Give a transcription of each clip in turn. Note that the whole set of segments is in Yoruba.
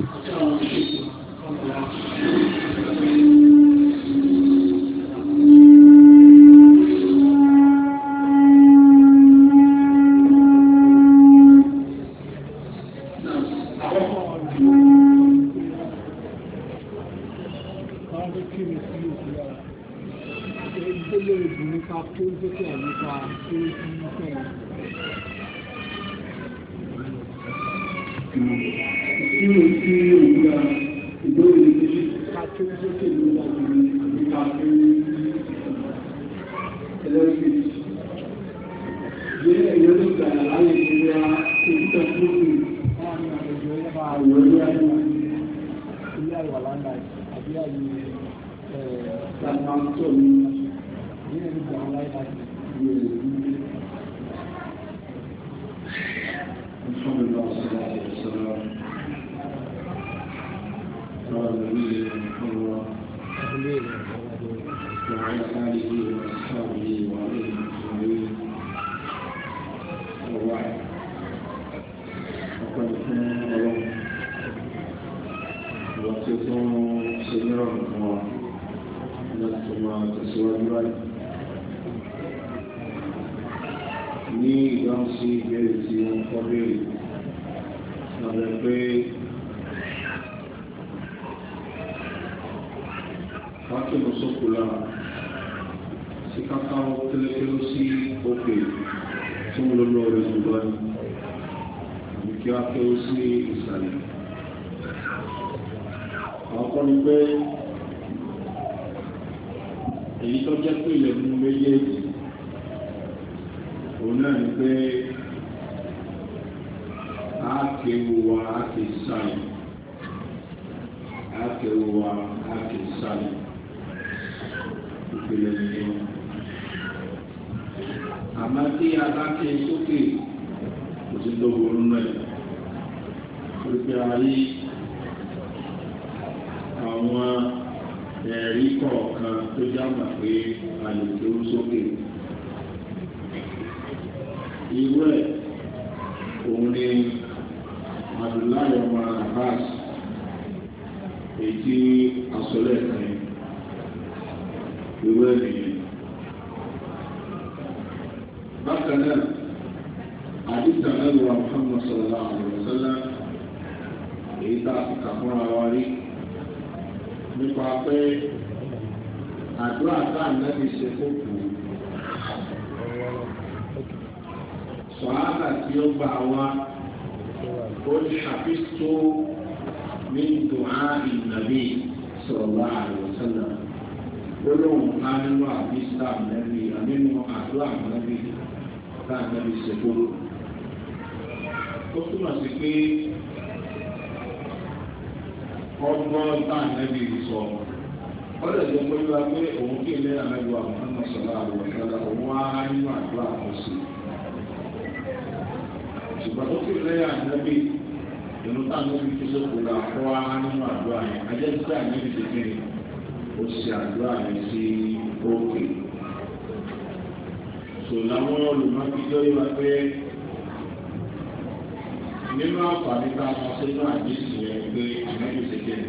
Thank you. àmọ́ tí a bá kẹ́ sókè kò sí lóko nínú ẹ̀ pípẹ́ ayé àwọn ẹ̀rí kọ̀ọ̀kan tó jábà pé àlè tó sókè irú ànábì yìí sọ wọ́n lè jẹ́ pé wá pé òun kí ilé ànábì wa Muhammad sọ̀rọ̀ àwọn ìṣẹ̀lá òun á nínú àdúrà àwọn sí i ṣùgbọ́n tó kí ilé ànábì ìlú táwọn tó ṣe kó la kó á nínú àdúrà yẹn ajẹ́ sí ànábì ti fi ó ṣe àdúrà yẹn sí òkè sọ làwọn olùmọ̀kíjọ́ yìí wá pé nínú àǹfààní tá a sọ sínú àdéhùn yẹn pé ànábì ti fi ní.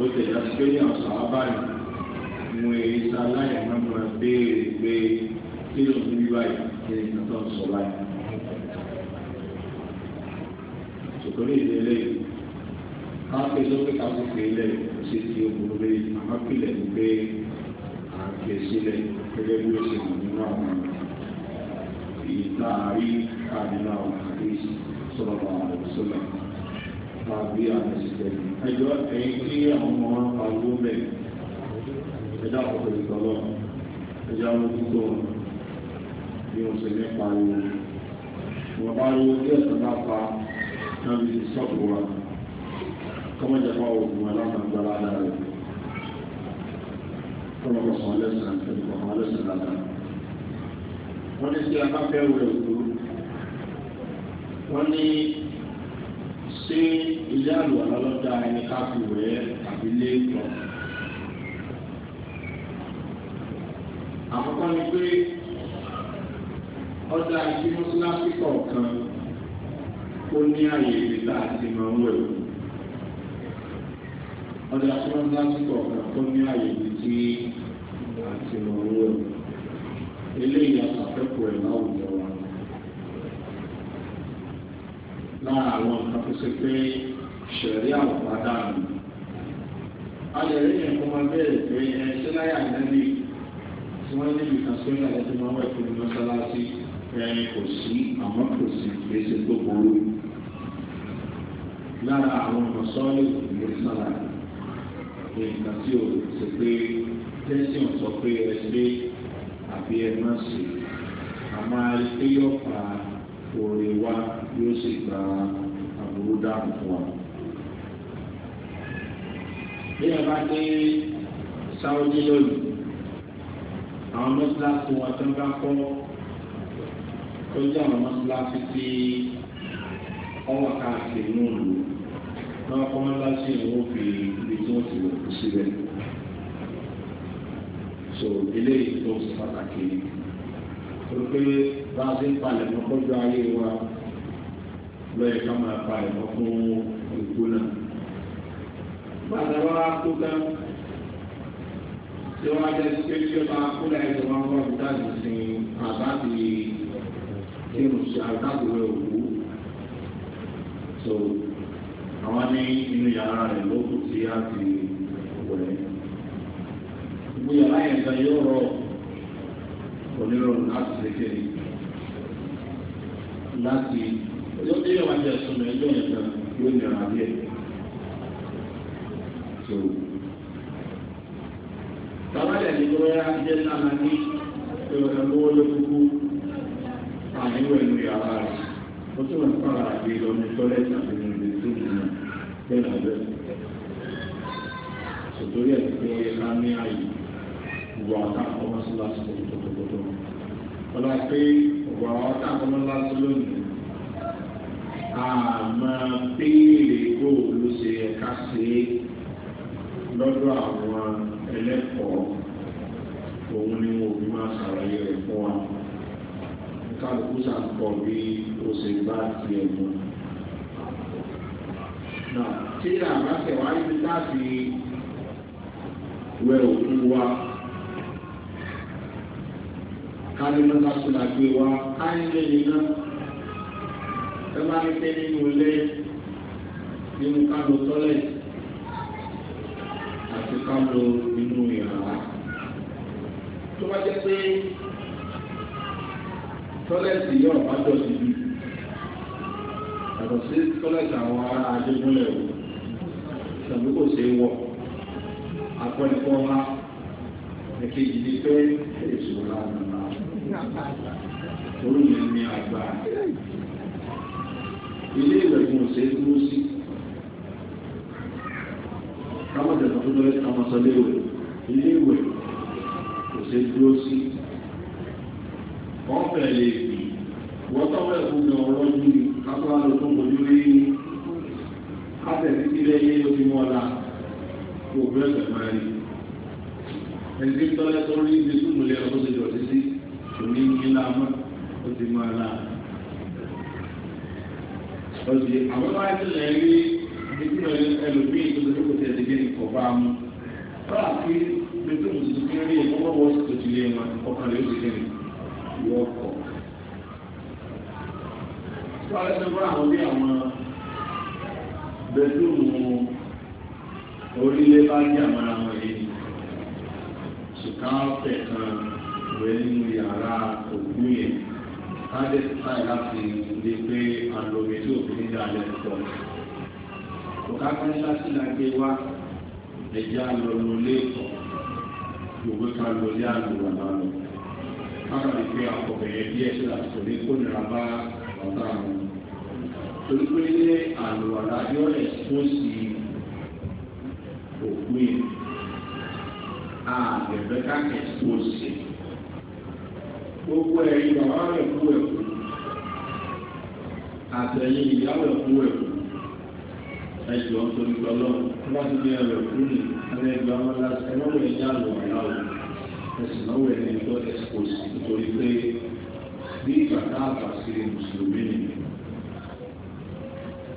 ó tẹ̀lé àtúgbé ní àwọn sàábàrì mú èyí sá láyé mọ́tò béèrè pé kí ló ń bí báyìí kí ni tó ń sọ báyìí. Ṣòkòrò ìdílé káfí lókè káfí fèlè ṣe ti òbúrò lé àmọ́ kílẹ̀ ń gbé àgbè sílẹ̀ gẹ́gẹ́ bí ó ṣe mọ̀ nínú àwọn ìta àrí àdínà àwọn sọ̀rọ̀ àwọn àdéhìí tàbí àmẹ́sìtẹ̀lì ẹjọ́ ẹ̀yìn tí àwọn ọmọ wọn pa owó bẹ̀ ẹjọ́ àkọ́kọ́ ìtọ́lọ́ ẹjọ́ àwọn tó ní oṣù ní pariwo wọ́n pariwo tí ẹ̀sán bá pa náà fi sọ́ọ̀pù wa kọ́mọ̀jẹ̀fà òògùn alámọ̀gbára dára rẹ̀ kọ́mọ̀kọ̀sán lẹ́sàn ẹ̀dùkọ̀kan lẹ́sàn se ilé àlùwàlá lọ́dà ẹni káfí rẹ̀ tàbí lé lọ. àkọ́kọ́ ni pé ọjà ìdí mọ́sálásí kọ̀ọ̀kan ó ní àyè ìgbésà àti ìmọ̀wé ọjà tí wọ́n mọ́sálásí kọ̀ọ̀kan ó ní àyè ìgbésí àti ìmọ̀wé eléyìí àtàkùn ẹ̀ láwùjọ. lára àwọn nǹkan tó ṣe pé ṣẹ̀rí àwòpadà nù. a lè rí yẹn kó máa bẹ̀rẹ̀ pé ẹ ṣé láyà nẹ́bí tí wọ́n níbi kan sí ọ̀nà ẹ̀dẹ́ máa wẹ̀ fún mọ́ṣáláṣí ẹ̀yìn kò sí àmọ́ kò sí gbèsè tó burú. lára àwọn mọ̀sọ́lù ìwé sára nǹkan tí ò ṣe pé tẹ́sí ò sọ pé ẹ ṣe àbí ẹ má ṣe àmọ́ àìpé yọ̀ọ̀pá oore wa yóò sì gba àbúrò dáàbò fún wa. bí ẹ bá dé sáwọ́dí lónìí àwọn mọ́sálásí wọn tó ń bá kọ́ ó jẹ́ àwọn mọ́sálásí tí ọwọ́ káàkiri ní òòlù náà kọ́ mọ́sálásí yẹn fi ibi tí wọ́n ti lò kú síbẹ̀. so eléyìí tó ṣe pàtàkì yìí torí pé bá a ti ń palẹ̀ mọ́ kọjú ayé wa lọ́yẹ̀ ká máa palẹ̀ mọ́ fún ìgbó náà. bàtà bá wa kú tán tí wọ́n á jẹ́ pé tí wọ́n kú láyé tó máa wọ́n fi dáàbò sin àbáàbí kírun sí àbáàbò rẹ̀ òkú. so àwọn ní inú yàrá rẹ̀ lókùn tí a ti wẹ̀. gbogbo yàrá yẹn yóò rọ̀ onírọ̀rùn láti ṣe kéde láti ọjọ́ tí yóò wá jẹ sọmọ ẹjọ́ yẹn kan yóò nira díẹ̀ tó. Bàbá yẹn ní bóyá jẹ́ sáà máa ní. pé tọ́lẹ̀tì yóò bá jọ sí yàtọ̀ sí tọ́lẹ̀tì àwọn ará ajégúnlẹ̀ o tàbí kò ṣe é wọ̀ àpẹẹkọ́ ńlá ẹ̀kejì ni pé èso lánàá orí mi àgbà ilé dúró sí káwọn ṣe dúró sí. wọ́n fẹ̀ lè fi wọ́n tọ́wọ́ ẹ̀kú ní ọ̀rọ̀ ní kátólá ló tó bojú rí kátẹ̀ títí lẹ́yìn ló fi mọ́ ọ̀la kò bẹ́ẹ̀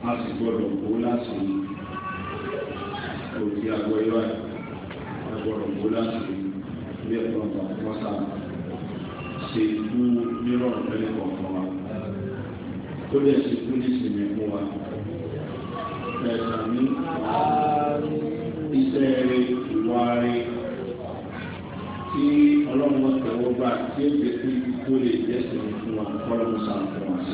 a sì gbọ́dọ̀ kó lásán òkè àgbọ̀ ìwà a gbọ́dọ̀ kó lásán bí ẹ̀kọ́ ọ̀gá wọ́sà ṣe ikú nírọ̀rùn tẹ́lẹ̀ kọ̀ọ̀kan wa tó lè ṣe ikú ní ìsinmi fún wa ẹ̀sán ní iṣẹ́ rẹ̀ ìwà rẹ̀ tí ọlọ́run tẹ̀wọ́ gbà tí ó gbé fún tó lè jẹ́sìn fún wa kọ́lọ́mùsà fún wa sí.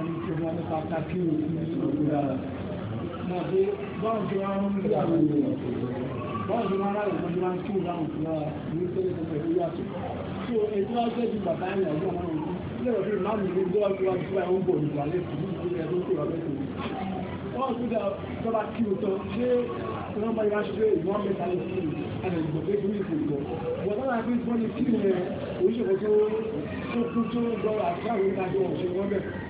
orí tó máa nípa kákí òkú ìṣòro dára. Mọ̀ pé báwọn tó wá ń rí àwọn ènìyàn, báwọn tó máa ráyè fún wọn kí ìdáhùn tó wá ní tẹ́lẹ̀ tó pẹ̀lú yàtọ̀. Tí o ètò wá fẹ́ ju bàbá ìrìn àjọ àwọn òkú, ilé ìwọ̀n fi máa mú ní gbọ́ ọjọ́ àti báyìí ń bọ̀ nípa lẹ́kùn ní ìpínlẹ̀ tó kúrò lẹ́kùn. Wọ́n tún dá tọ́ba kí o tán ṣé wọ́n bá yá ṣe ìwọ́n mẹ́ta lè fi àdàgbò pé kúrò ìfòkò. Wọ́n tọ́ba kí wọ́n ní kí ìrìn oríṣiríṣi tó tó tó gbọ́ àti àwọn ìdájọ́ ọ̀ṣẹ́ wọ́n bẹ̀rẹ̀.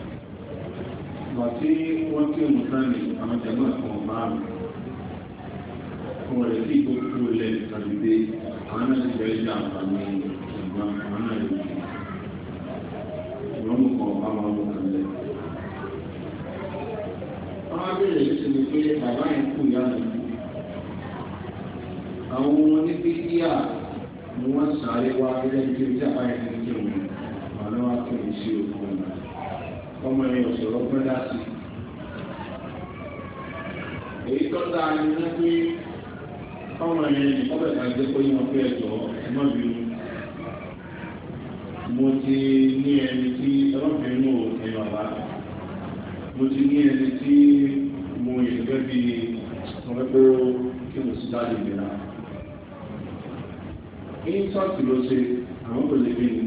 ìgbà tí wọ́n tí òun sáré àwọn jàgbọ́n kan máa ń kọ̀ọ̀rẹ́ sí gbogbo ilẹ̀ àdìdé àwọn náà ti bẹ̀rẹ̀ sí àǹfààní ìgbà àwọn náà lè fi ìwọ́n kan àwọn ọmọ kan lẹ̀. wọ́n á bẹ̀rẹ̀ sí ni pé bàbá yẹn kù yá lọ. àwọn ọmọ ní pípíà ni wọ́n sáré wá gẹ́gẹ́ òkú náà ọmọ ẹ̀yìn òṣèlú pẹ́ láti. èyí tó dáa ni wọ́n pé ọmọ ẹ̀yìn ọbẹ̀ kan jẹ́ pé wọ́n fẹ́ jọ ẹ̀mọ́ mi. mo ti ní ẹni tí ọlọ́bìnrin ò ní bàbá mo ti ní ẹni tí mo yẹ gẹ́gẹ́ bí ọmọ ẹgbẹ́ kí mo sì dáàbò ìgbéra. ní sọ́ọ̀tì ló ṣe àwọn kò lè gbé ní.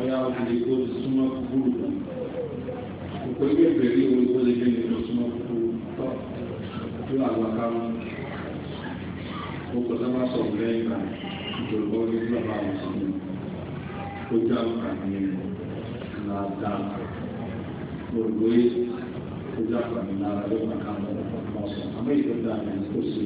ọ̀yá òṣèlú kó lè súnmọ́ kúrú òpè pé bèrè òun kó lè gbé lè súnmọ́ kúrú tọ́ tó àwọn akáwọn òkò sábà sọ̀rọ̀ lẹ́yìn kan ìjọba ó ní bí ọba àwọn sọ̀rọ̀ ó já òkà ní ìlàdà òrùlé ó já ká lọ́wọ́ ọ̀sán àmọ́ ìjọba ó sì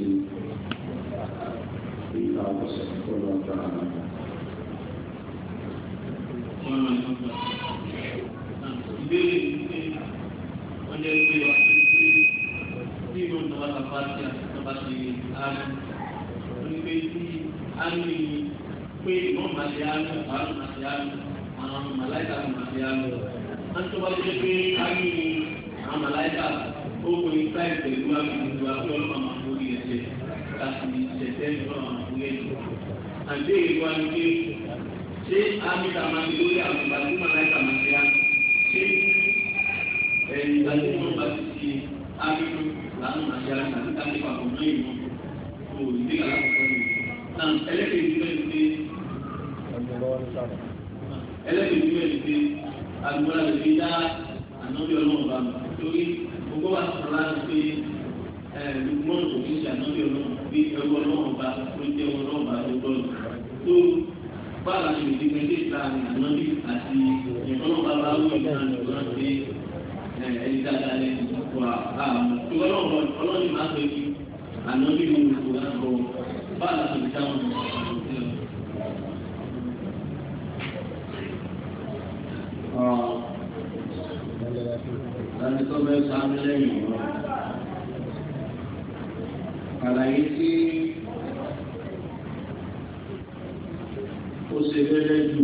ó ṣe lẹ́lẹ́ jù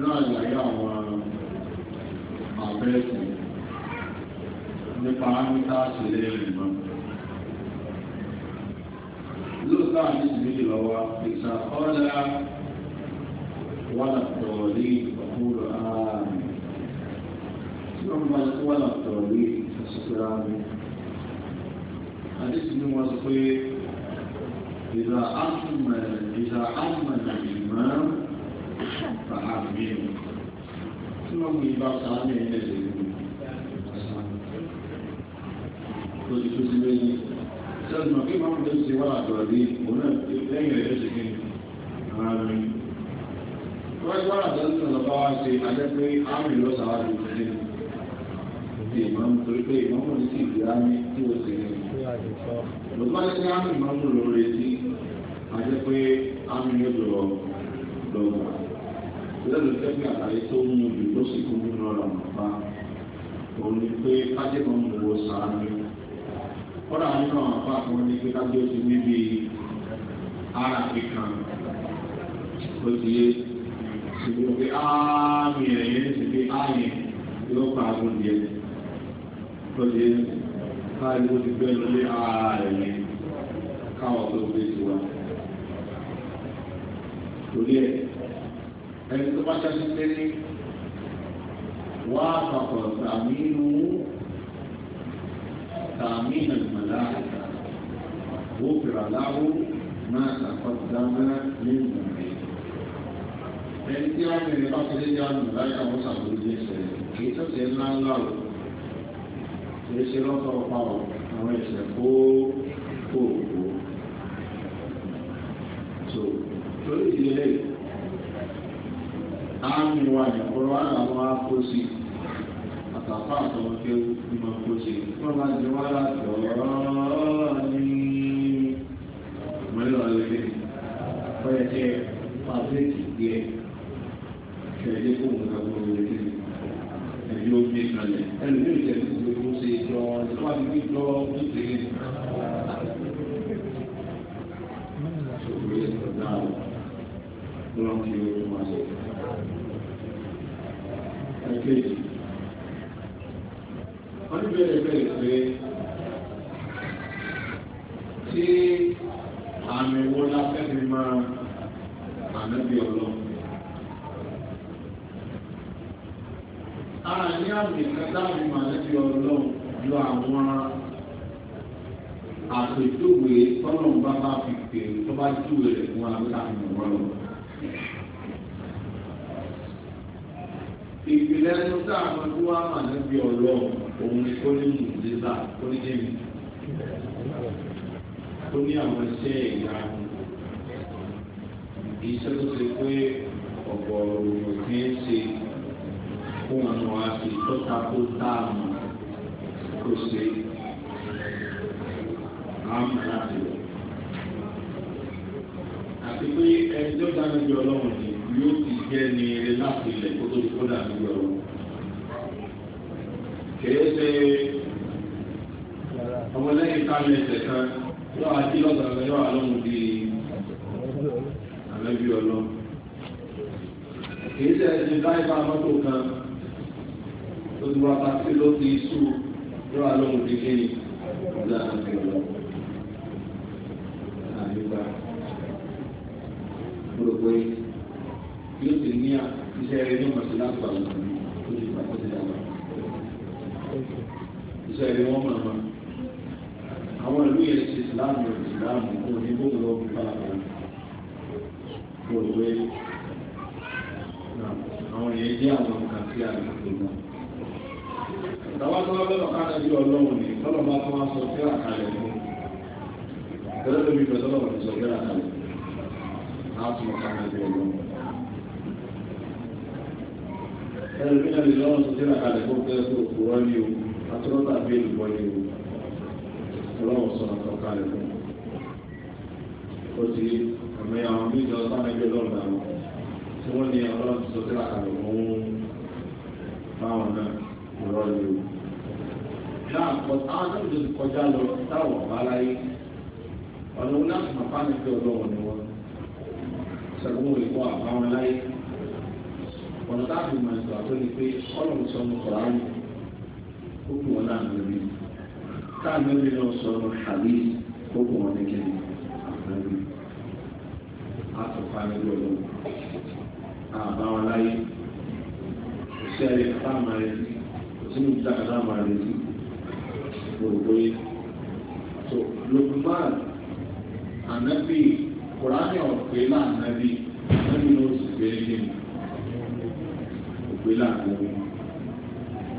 náà láyé àwọn àbẹ́ẹ̀kùn nípa ámítà sílẹ̀ ìrìnà lóòótọ́ àti ìdílé lọ́wọ́ ìgbà ọ̀dà wàlà tọ̀ọ̀lì ọ̀kúrò ààrùn tí wọ́n bá wàlà tọ̀ọ̀lì ọ̀sọ̀kúrò ààrùn àdéhùn ni wọ́n sọ pé ìlà àmàlà ìlà àmàlà náà fàá àbí ẹ̀ tí wọ́n mú ibà sáà ní ẹ̀yẹ́ ẹ̀sẹ̀ ìlú ọ̀sán tó ti tó sí lẹ́yìn sẹ́nu kí wọ́n mú lẹ́sẹ̀ wà àtọ̀rọ̀ bí òun náà lẹ́yìn rẹ̀ lẹ́sẹ̀ kí ara rẹ̀ wọ́n ti wá àtọ̀rọ̀ lọ́ba wá sí adẹ́pẹ́ àmì lọ́sàá wá sí ìlú ti ìmọ̀mù torí pé ìmọ̀mù ní sí ìgbéra ní tí ó ti rìn. lọ́gbọ́n tí àmì ìmọ̀mù lóore sí àti pé àmì yóò lọ dọ́gba lẹ́nu tẹ́gbẹ́ àlàyé tó mú jù tó sì kú nínú ọ̀rọ̀ nípa òun ni pé kájẹ́mọ̀ ń wo sàánú kọ́dà nínú àwọn apá kan ní pé kájẹ́ ó ti níbi ara kíkan ó ti yé ṣùgbọ́n pé áámi ẹ̀yẹ ti pé áámi yóò pa àgùn díẹ̀ ó ti yé káàdì ó ti gbẹ́ lórí ààrẹ yẹn káwọn tó gbé tiwa torí ẹ ẹni tó bá ṣáṣí pé ní wá àpapọ̀ tàmínú tàmínú ìmọ̀láàdà ó fìrà láwó máa tàkọ̀dá mẹ́rẹ́ ní ìmọ̀lẹ́ ẹni tí wọ́n bẹ̀rẹ̀ bá fi léyà ìmọ̀láàdà wọ́n sàbòrò jẹ́ ìṣẹ̀lẹ̀ kì í tọ́sẹ̀ ńlá ńlá o kì í ṣe lọ́tọ̀ ọ̀pá o àwọn ìṣẹ̀ kó kó kó lórí ìdílé àmì wa ìkọrọ àwọn akóso àtàkọ àtọwọ pé ìmọ̀ kóso wọn bá ti wá láti ọ̀rọ̀ ní mọ́lẹ́ ọ̀lẹ́lẹ́ fọ́yẹ́ jẹ́ pàṣẹ́tì díẹ̀ kẹ̀lé kó wọn kàwé ọ̀rẹ́lẹ́ ẹ̀yọ́ gbé kalẹ̀ ẹ̀lú yóò jẹ́ kó ṣe jọ 不用去问。ìsìláàmù kó ní bó lọ bí pàlàpàlà kó wé àwọn èyí jẹ́ àwọn nǹkan tí a lè fi mọ́. Ìtawọ́ tó wá bẹ́ẹ̀ ká lẹ́bí ọlọ́run ni tọ́lọ̀ bá tó wá sọ sí àkàlẹ̀ fún. Tẹ́lẹ̀ lórí ìfẹ́ tọ́lọ̀ ti sọ sí ní o, tó ti àmì àwọn méjì ọ̀sán ẹgbẹ́ lọ́rùn dànù tí wọ́n ní ọlọ́run ti sọ sílá kalẹ̀ fún báwọn náà ọ̀rọ̀ yìí o. náà àwọn tó ti kọjá lọ táwọn ọ̀bá láyé ọ̀nà wọn láti máa fáwọn ẹgbẹ́ ọlọ́run ni wọn sẹ́gun olè kọ́ àbáwọn láyé ọ̀nà táàbù máa ń sọ àtọ́ni pé ọlọ́run sọ ní kọ̀ọ̀rọ̀ ó kù wọn náà lórí táàbù lórí náà sọ ní àbí ó kù wọn ní kẹ́lẹ́ àtọ̀fà nílò ọlọ́run àbá wọn láyé kò sí ẹ̀rí ká máa retí kò sí ní ìjà kan máa retí gbogbo yìí tó Lukman ànábì kùránì ọ̀pẹ́ láàánábì ànábì ló sì gbé ní ọ̀pẹ́ láàánábì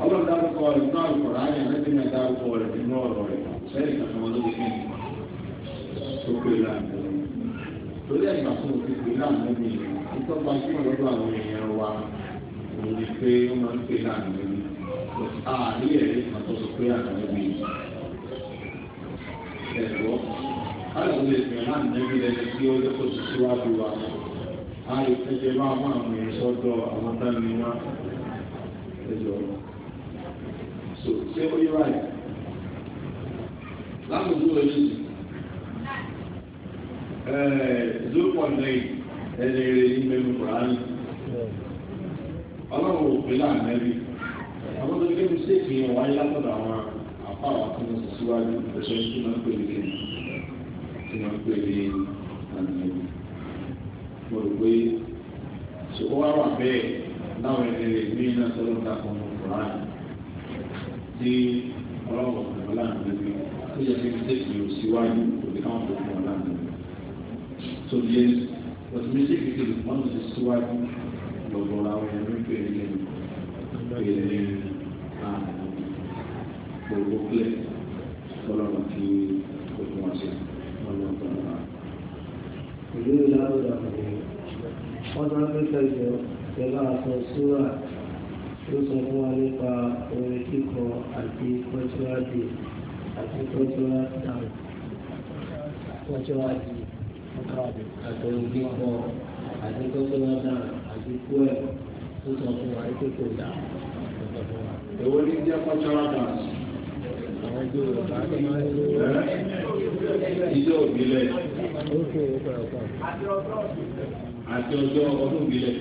ọlọ́run dárúkọ rẹ̀ náà kùránì ànábì náà dárúkọ rẹ̀ nínú ọ̀rọ̀ rẹ̀ sẹ́yìn kan tó wọn ló fi kí ni ọ̀pẹ́ láàánábì torí ẹ̀yìn àti òfin pè náà níbi ìtọ́gbà tí wọ́n lọ́dọ̀ àwọn èèyàn wa òun ni pé wọ́n máa ń pè náà níbi ààrí ẹ̀rí àtọ́sọ pé àtàlẹ́bí ẹ̀rọ káyọ̀ lè pè náà níbi lẹ́yìn tí ó lẹ́kọ̀ọ́ sí síwájú wa a lè máa mú àwọn èèyàn sọ́dọ̀ àwọn dání wá ẹjọ́ so ṣé ó yẹ báyìí láwùjọ èyí zero point nine ẹlẹ́rẹ́ ní mẹ́nu kùránì ọlọ́run òpin láàrin rí àwọn tó gbé mistake yẹn wáyé látọ̀dọ̀ àwọn àpáwà tó ń síwájú ẹ̀ṣọ́ tí wọ́n ń pè ní tí wọ́n ń pè ní ànàmì mo rò pé ṣòwò wá wà bẹ́ẹ̀ láwọn ẹlẹ́rẹ́ ní iná sọ́dọ̀ dàpọ̀ mọ́ kùránì tí ọlọ́run òpin láàrin tó yẹ kí mistake yẹn ò síwájú òbí káwọn tó fún ọ láàrin So yẹ ọtí méjì kékeré wọn lè síwájú lọ́gbọ̀n àwọn èèyàn ló ń pè é pè é ah, gbogbo kílẹ̀ ọlọ́run kí gbogbo wọn ṣe ọlọ́run tó ń bá. ìlú ìlànà ìlànà wọ́n máa ń gbé pẹ̀lú pẹ̀lú àtọ̀ súrà tó sọ fún wa nípa orin kíkọ àti cultural day àti cultural dance cultural àtẹnudíkọ àti kọ́sọ́lọ́dà àti kúẹ̀ tó sọ fún wa ètò kò dà èwo ní jẹ́ cultural dance. Ìjọ òbílẹ̀ àti ọjọ́ ọdún òbílẹ̀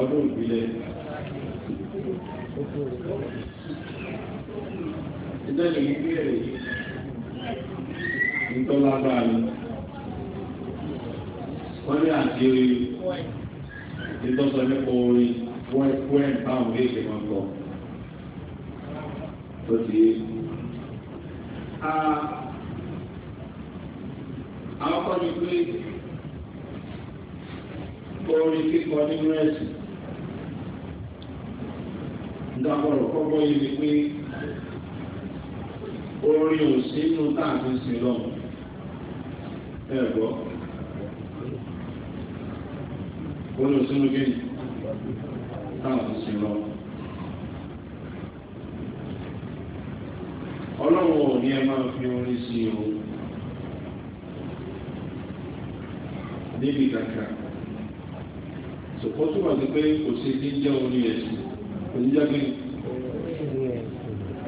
ọdún òbílẹ̀. Ìjọ ìlú ìbéèrè ìtọ́lágbára ni. wọ́n ní àti ìtọ́sọ nípa orin wọ́n ẹ̀kọ́ ẹ̀ báwọn lè ṣe máa ń kọ́ tó ti yé. àwọn kọ́ ni pé orin kíkọ nínú ẹ̀sìn dábọ̀rọ̀ kọ́kọ́ yìí ni pé orin ò sínú táàbí olú sínú gẹ́yì táwọn tó ṣe lọ. ọlọ́run ò ní ẹ máa fi orin sí o níbi kàkà sọ̀pọ̀ tó wà sí pé kò sí ti jẹ́ orin ẹ̀sìn kò ní jẹ́ gbẹ́yìn.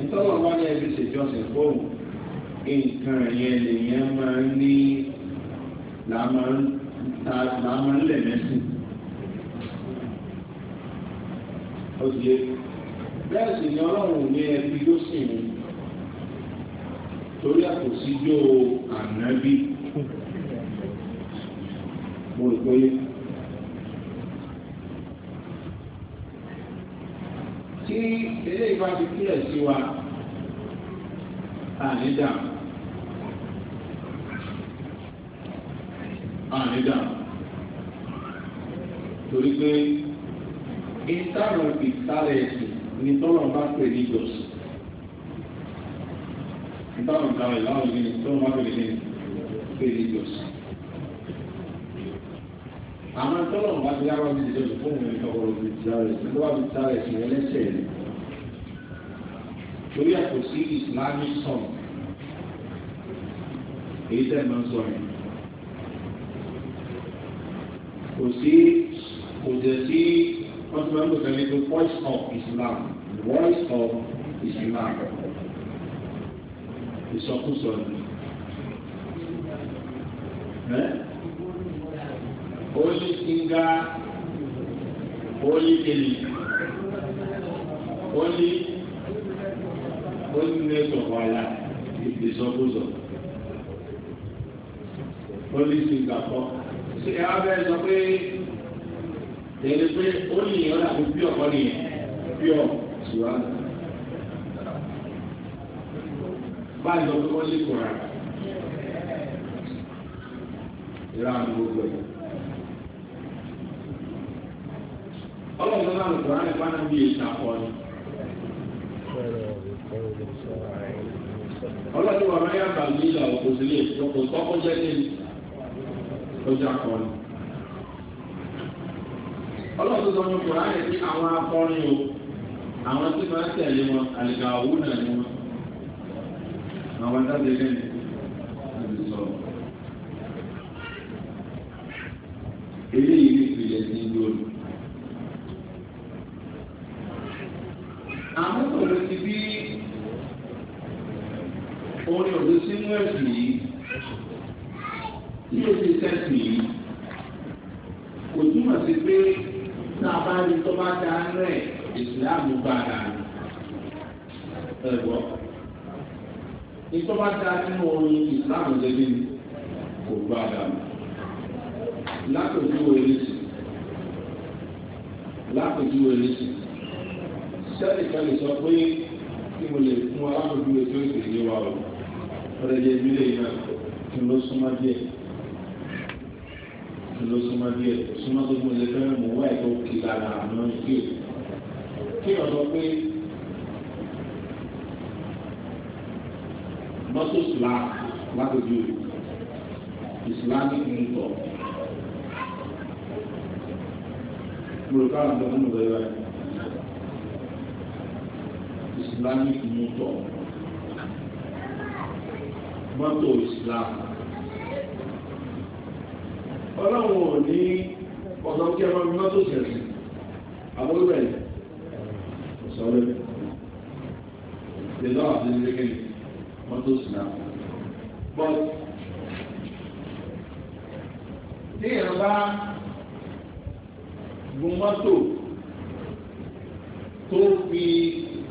ìtọ́wọ̀ wá ní ẹbí ṣèjọsìn fóònù nǹkan yẹn lèèyàn máa ń ní làá ń lẹ̀ ó ti yé bẹ́ẹ̀ sì ni ọlọ́run ní ẹbí ló sì ní torí àkòsí jó ànábì mo rò pé tí eléyìí bá ti kílẹ̀ sí wa ànídàmú ànídàmú. ẹ̀sìn ní tọ́lọ̀ bá pè ní ìjọsìn ìbáwọn ìdáwọ̀ ìláwọ̀ ní tọ́lọ̀ bá pè ní pè ní ìjọsìn àmọ́ tọ́lọ̀ bá ti yára ní ìjọsìn fún òun ìtọ́wọ́ òbí ti yára ẹ̀sìn tó bá ti yára ẹ̀sìn ẹlẹ́sẹ̀ rẹ̀ torí àpò sí islamic song èyí tẹ́ Usman was only the voice of Islam, the voice of Islam. The Ìsọkúsọ ni. Holy singer, holy elite, holy holiness of Allah is the ìsọkúsọ. Holy singer kọ́. I have a pé tẹ̀lé pé ó lè yọ láti bí ọ̀kọ́ ni bí ọ̀ ṣùgbọ́n. báyìí lọ pé wọ́n lè kóra ìlànà gbogbo ẹ̀. ọlọ́run náà lọ kóra nípa náà bí èsì àkọ́ni. ọlọ́run wà máa yàgbà nílò àwọn òṣèlú ìjọkọ̀ tọ́kọ̀ jẹ́ ní ọjà kan ọlọ́run tó sọ ní kòrán rẹ̀ sí àwọn akọrin o àwọn tí máa tẹ̀lé wọn àlìkà òwú náà ni wọn àwọn dábìlì tó fi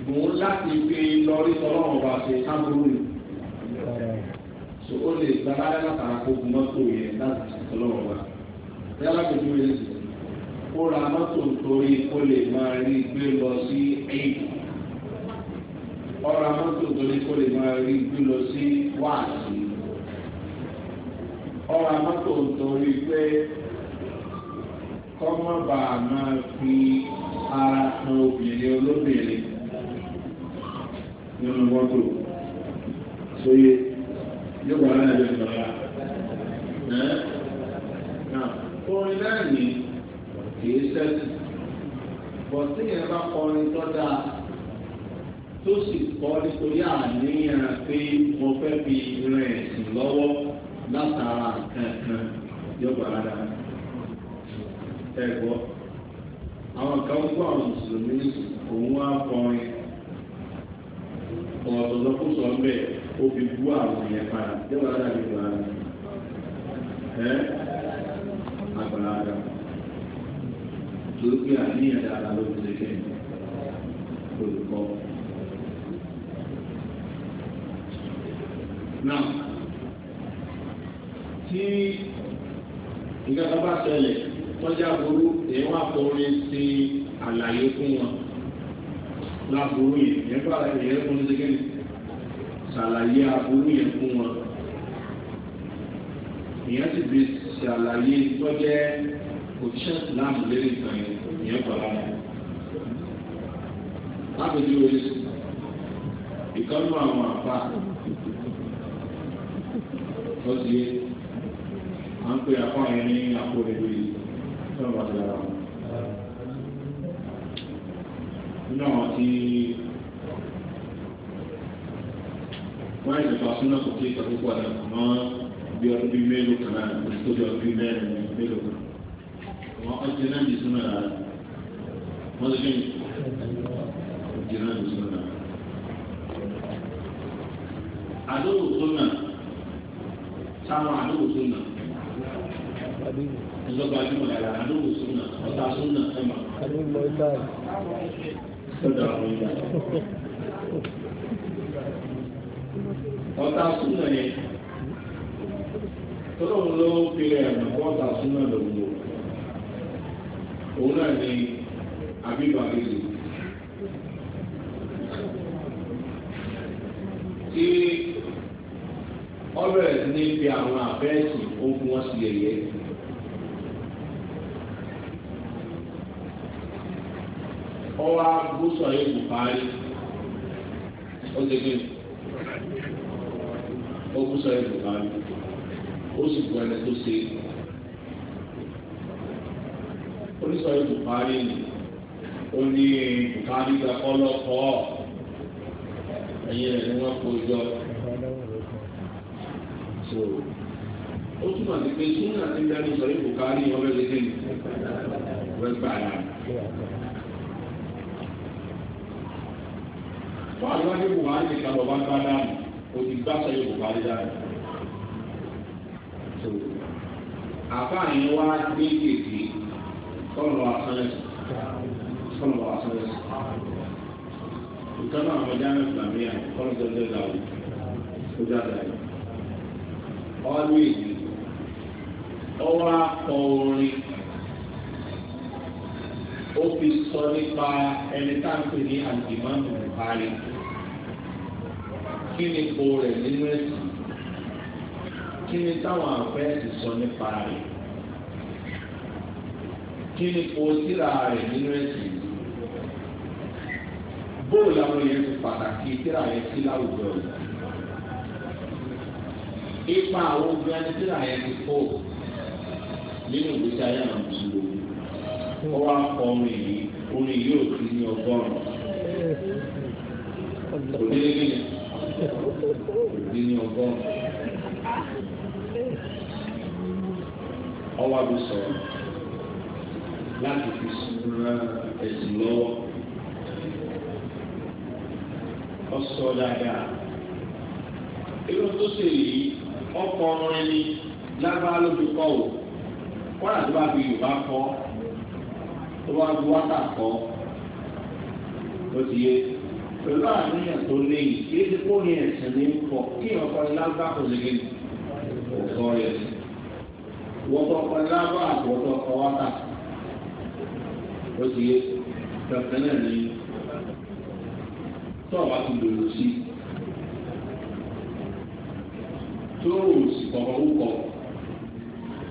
gùn láti fi lọrí sọlọ́wọ́n bá ṣe sábúrú ni so ó lè gbára látara kó gun mọ́tò yẹn láti ṣe sọlọ́wọ́n bá yálà pẹ̀lú rẹ̀ sì ó ra mọ́tò nítorí kó lè máa rí gbé lọ sí eight ọ̀rọ̀ amọ́tò torí kó lè máa rí gbé lọ sí wáàsí ọ̀rọ̀ amọ́tò torí pé kọ́mọ́bà máa fi ara kan obìnrin olóbìnrin nínú mọ́tò sóyè yóò wà láàrin ìjọba orin náà ní kìí sẹ́sì bọ̀ tí yẹn bá kọrin tó dáa tó sì kọ́ nítorí àníyàn pé mo fẹ́ fi rìn ẹ̀sìn lọ́wọ́ látara kankan yóò wà lára ẹ̀gbọ́n àwọn kan ń gbọ́ àwọn mùsùlùmí òun wá kọrin ọ̀tọ̀ lọ́kùn sọ ń bẹ̀ ó fi bú àwọn yẹn padà jẹ́wọ́ lára mi gbà ẹ́ àgbàlagbà torí pé àníyàn dára ló ti ṣe olùkọ́. Náà tí nǹkan kan bá ṣẹlẹ̀ tọ́jà burú èyí wà fọwọ́rí sí àlàyé fún wọn láburú yẹn nípa ìyẹn fún ṣẹ́gẹ́lì ṣàlàyé aburú yẹn fún wọn ìyẹn sì fi ṣàlàyé tọ́jẹ́ òṣìṣẹ́ islam lérí ìtàn ìyẹn pàlà wọn. lábẹ́jú rẹ̀ ìkọ́nù àwọn àpá ọ̀sẹ̀ à ń pè àpá yẹn ní àpò rẹ̀ lórí. náà ti wọ́n yìí lọ́pàá súnmọ́ kò kí ìtàkùn pọ̀ náà àmọ́ bí ọdún bíi mélòó kan náà kò tó bí ọdún bíi mẹ́rin mélòó kan wọ́n á jẹ́ náà ní súnmọ́ náà wọ́n ti gbìn jẹ́ náà ní súnmọ́ náà. àdóòtú náà táwọn àdóòtú náà. حبيبي حبيب العتاب ọ̀tá súnà yẹn tọ́lọ́run ló kéré ẹ̀nà fún ọ̀tá súnà lòwò òun náà ni àbíbàbèsè tí ọ̀rẹ́ ní bí àwọn àbẹ́ẹ̀sì ó fún wọn sí ẹ̀yẹ́. parí ó ti gbé ó kú sọ ìlú parí ó sì bu ẹni tó ṣe oníṣọ ìlú parí ni ó ní bùkárí gbà kọ́ lọ́kọ̀. sí ìbùkárí dànù. àfáàní wá ní èdè kọ́nà àṣẹlẹ̀sì kọ́nà àṣẹlẹ̀sì. ìtọ́nà àwọn jáde ìgbàmíyà kọ́nà tó lé làwọn ó jáde àyè. ọlú èdè ọwọ́ akọ orin ó fi sọ nípa ẹni tá à ń pè ní àjùmọ̀ nù parí. kí ni ipò rẹ̀ nínú ẹ̀sìn kí ni táwọn àfẹ́ẹ̀sì sọ nípa rẹ̀ kí ni ipò síra rẹ̀ nínú ẹ̀sìn bóòlù àwọn èèyàn ti pàtàkì síra rẹ̀ sí láwùjọ rẹ̀ ipa àwọn obìnrin síra rẹ̀ ti pọ̀ nínú ìgbésí ayé àwọn mùsùlùmí ó wá kọ orin yìí orin yìí dín ní ọgọ́rùn-ún ọwọ́ àbí sọ̀rọ̀ láti fi súnmọ́ ẹ̀sìn lọ́wọ́ ọsọ dáadáa irú tó ṣe yìí ọkọ ọrin ni lágbára ló fi kọ́ o kọ́nà tó bá fi yorùbá kọ́ tó bá fi wákà kọ́ ó ti yé pẹ̀lú àníyàn tó lé yìí kí é ní ẹ̀sìn ní kọ kí ọkọ ìlágbá kò lè gbé ọ̀sọ́ rẹ̀ wọ́tọ̀ ọkọ ìlágbá àtọ̀tọ̀ ọkọ wákà ó ti yé tẹ̀tẹ̀ náà ní tó ti lòlò sí tó sì kọ̀kọ́ wúkọ̀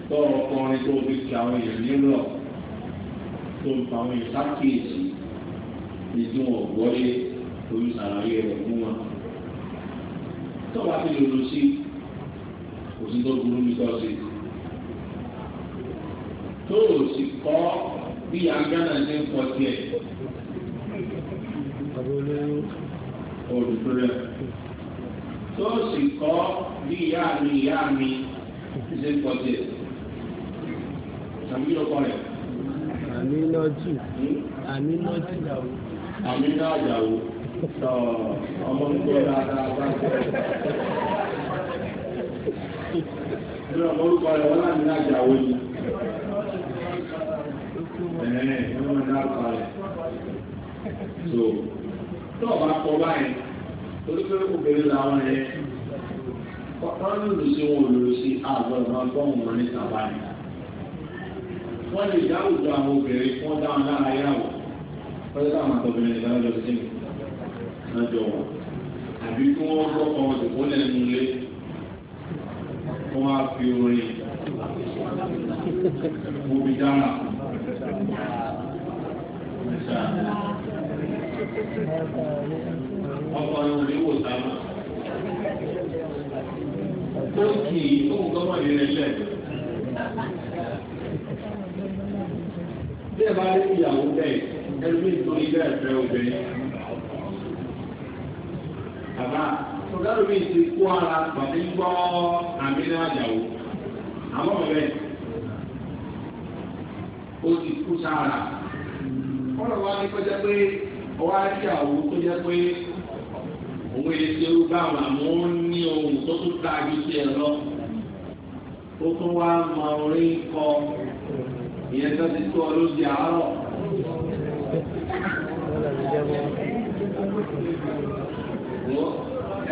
tó ọkùnrin tó fi kí àwọn èèyàn nílò tó ń pa àwọn èèyàn sákèèsì ìdúnwọ̀n gbọ́lé torí sàlàyé rẹ̀ fún wọn. tọ́ba ti lòlò sí kò sí tó burú mi tọ́ sí. tó o sì kọ́ bí agbára ṣe ń pọ̀ tiẹ̀. olùdókòrò tó o sì kọ́ bí ìyá mi ìyá mi ṣe ń pọ̀ tiẹ̀. tàbí lọ́kọ̀ rẹ̀. àmì náà jù àmì hmm? náà àmì náà jù ọmọ mi tó ra ara bá jẹ́ ìlú ọmọ orúkọ rẹ̀ wọ́n láti ní àjàwó yìí ẹ̀ẹ́ ìwọ́n ní àpá rẹ̀ so tó ọba kọ báyìí torí pé obìnrin làwọn ẹ̀ wọ́n lùlù sí wọn lùlù sí àgbọ̀ ìbọn gbọ́n wọn ní tàbáyìí wọ́n lè dáwùjọ àwọn obìnrin fún dáhùn lára yàwó wọ́n lè àtọ̀bìnrin ìdáwọ́jọ́ sí lọ́jọ́ wọn àbí kí wọ́n rọ́pọ̀ wọn tó kó lẹ́nu lé wọ́n á fi orin omi dára. Ọkọ̀ ìwòlé wò sáà. Ó kì í tó ń gbọ́mọ̀ ìrẹ́lẹ̀. Bí ẹ bá rí ìyàwó bẹ́ẹ̀, ẹ rí nítorí bẹ́ẹ̀ fẹ́ obìnrin. bàbá sọdọ́rù mi ti kó ara pàdé gbọ́ àmínà àjàwó àmọ́ bẹ̀rẹ̀ ó ti kú sára ní kọjá pé ọwọ́ kọjá pé òun ti rú báwọn àmọ́ ní ohun tó tún ta ju sí ẹ lọ ó tún wá mọ orin kọ ìyẹn tó ti tó ọ wọ́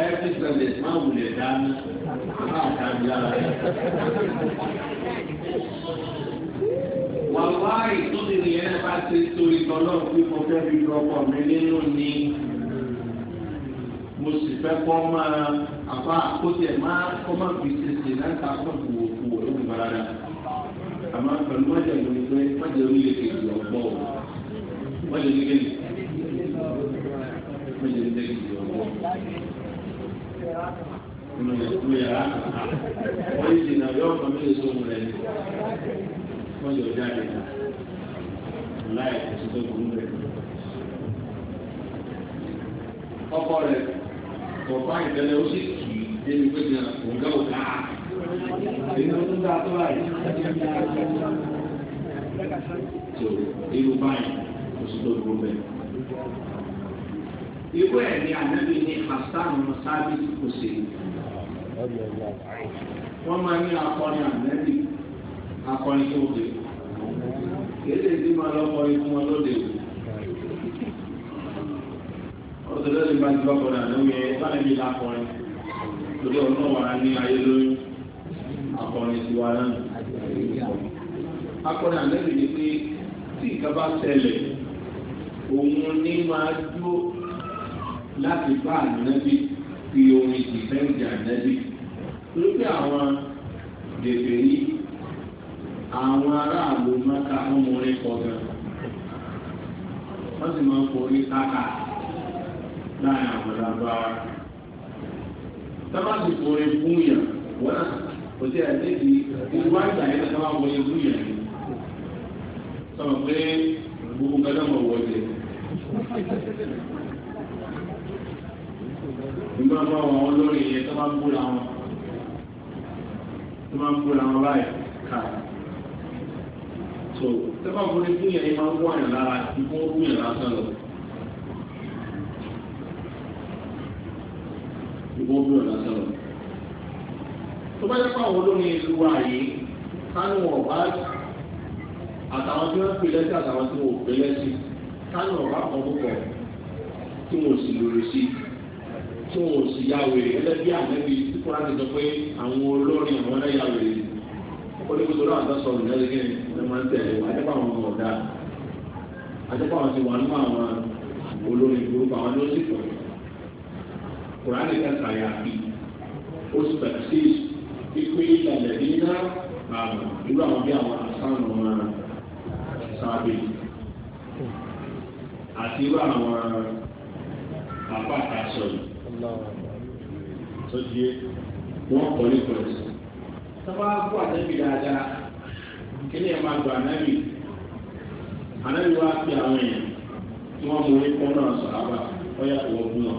ẹ́ẹ́dì sẹ́lẹ̀ máa wulẹ̀ dáná máa dáná lára rẹ̀. Wàhálà ìtúndìrì yẹn bá ti torí tọ́lọ́ bí mo fẹ́ fi lọ́kọ̀ mi nínú ni mo sì fẹ́ kọ́ máa àbá àkótẹ́ máa kọ́ máa fi ṣèṣe náà ká fún ìwòkú olóògùn rárá. Àmọ́ pẹ̀lú mọ́jẹ̀ ló ń pẹ́ mọ́jẹ̀ orí lè kejì ọgbọ́n o méje ń tẹ́kì yọ nínú ìlú yàrá wọ́n yìí dènà yọ ọ̀kan méje sóhun rẹ̀ ni wọ́n yọ jáde láì ẹ̀sùn tó burú rẹ̀ ọkọ rẹ̀ kọ̀ọ̀kan ìtẹ́lẹ̀ ó sì kì í débi pé ní ọ̀gá òkà nínú tó dáa tó láì tó irú báyìí oṣù tó burú rẹ̀ irú ẹ̀ ní ànábì ní hasan musabi kò sí. wọ́n máa ní akọrin ànábì akọrin tó dé kéde tí máa lọ kọrin fún wọn lóde o. ọ̀sẹ̀ lọ́sẹ̀ bá ti bá kọrin ànábì yẹn báyìí bí lakọrin lórí ọ̀nà wàrà ní ayé lórí akọrin tiwa náà. akọrin ànábì ni pé tí ìka bá tẹ̀lé òun ní máa dúró. láti bá ànábì fi orin ìfẹ́ǹdì ànábì lórí àwọn bèbè yìí àwọn aráàlú mọ́ta ọmọrin kọ̀ọ̀kan wọ́n sì máa ń forí káka láàrin àwọn lágbára tábàtì forí fún yàn wọ́n náà kò sí àdéhì ìwà ìgbà yẹn náà tábàtì forí fún sọ̀rọ̀ pé gbogbo mọ̀ nígbà tó àwọn olórí yẹn tó máa ń búra wọn so tó máa ń búra fún yẹn ni máa ń wọ̀ yàn lára ikú ó wù yàn lásán lọ. ikú ó wù yàn lásán lọ. tó bá yẹ kó àwọn olórí ìlú wa yìí kánú ọ̀bá àtàwọn tí wọ́n pè lẹ́sìn àtàwọn tí wọ́n pè lẹ́sìn kánú ọ̀bá kan púpọ̀ tí wọ́n sì lòrì sí i tó o sì ya wèrè ẹlẹ́bí ànẹ́bí tí kò láti sọ pé àwọn olórin àwọn ẹlẹ́yà wèrè olùkóso náà tó sọ̀rọ̀ ní ẹlẹ́gẹ́ ẹ máa ń tẹ̀lé wọn adẹ́pọ̀ àwọn ọmọ ọ̀dà adẹ́pọ̀ àwọn ti wà nínú àwọn olórin gbogbo àwọn ló sì pọ̀ kùránì kẹta yà bí ó sì bẹ̀rẹ̀ sí pípé ìlànà ní iná àmọ̀ irú àwọn bí àwọn àṣàmù wọn sábẹ́ àti irú àwọn apá àtàṣọ yìí tó di wọn kọ ní pẹ̀lú. sábà kó àtẹ́bí dáadáa kíni ẹ̀ máa gba ànábì ànábì wá pé àwọn èèyàn tí wọ́n mú orí pọ́n náà sọ̀rọ̀ àbá ọ̀yà wọ́n fún wọn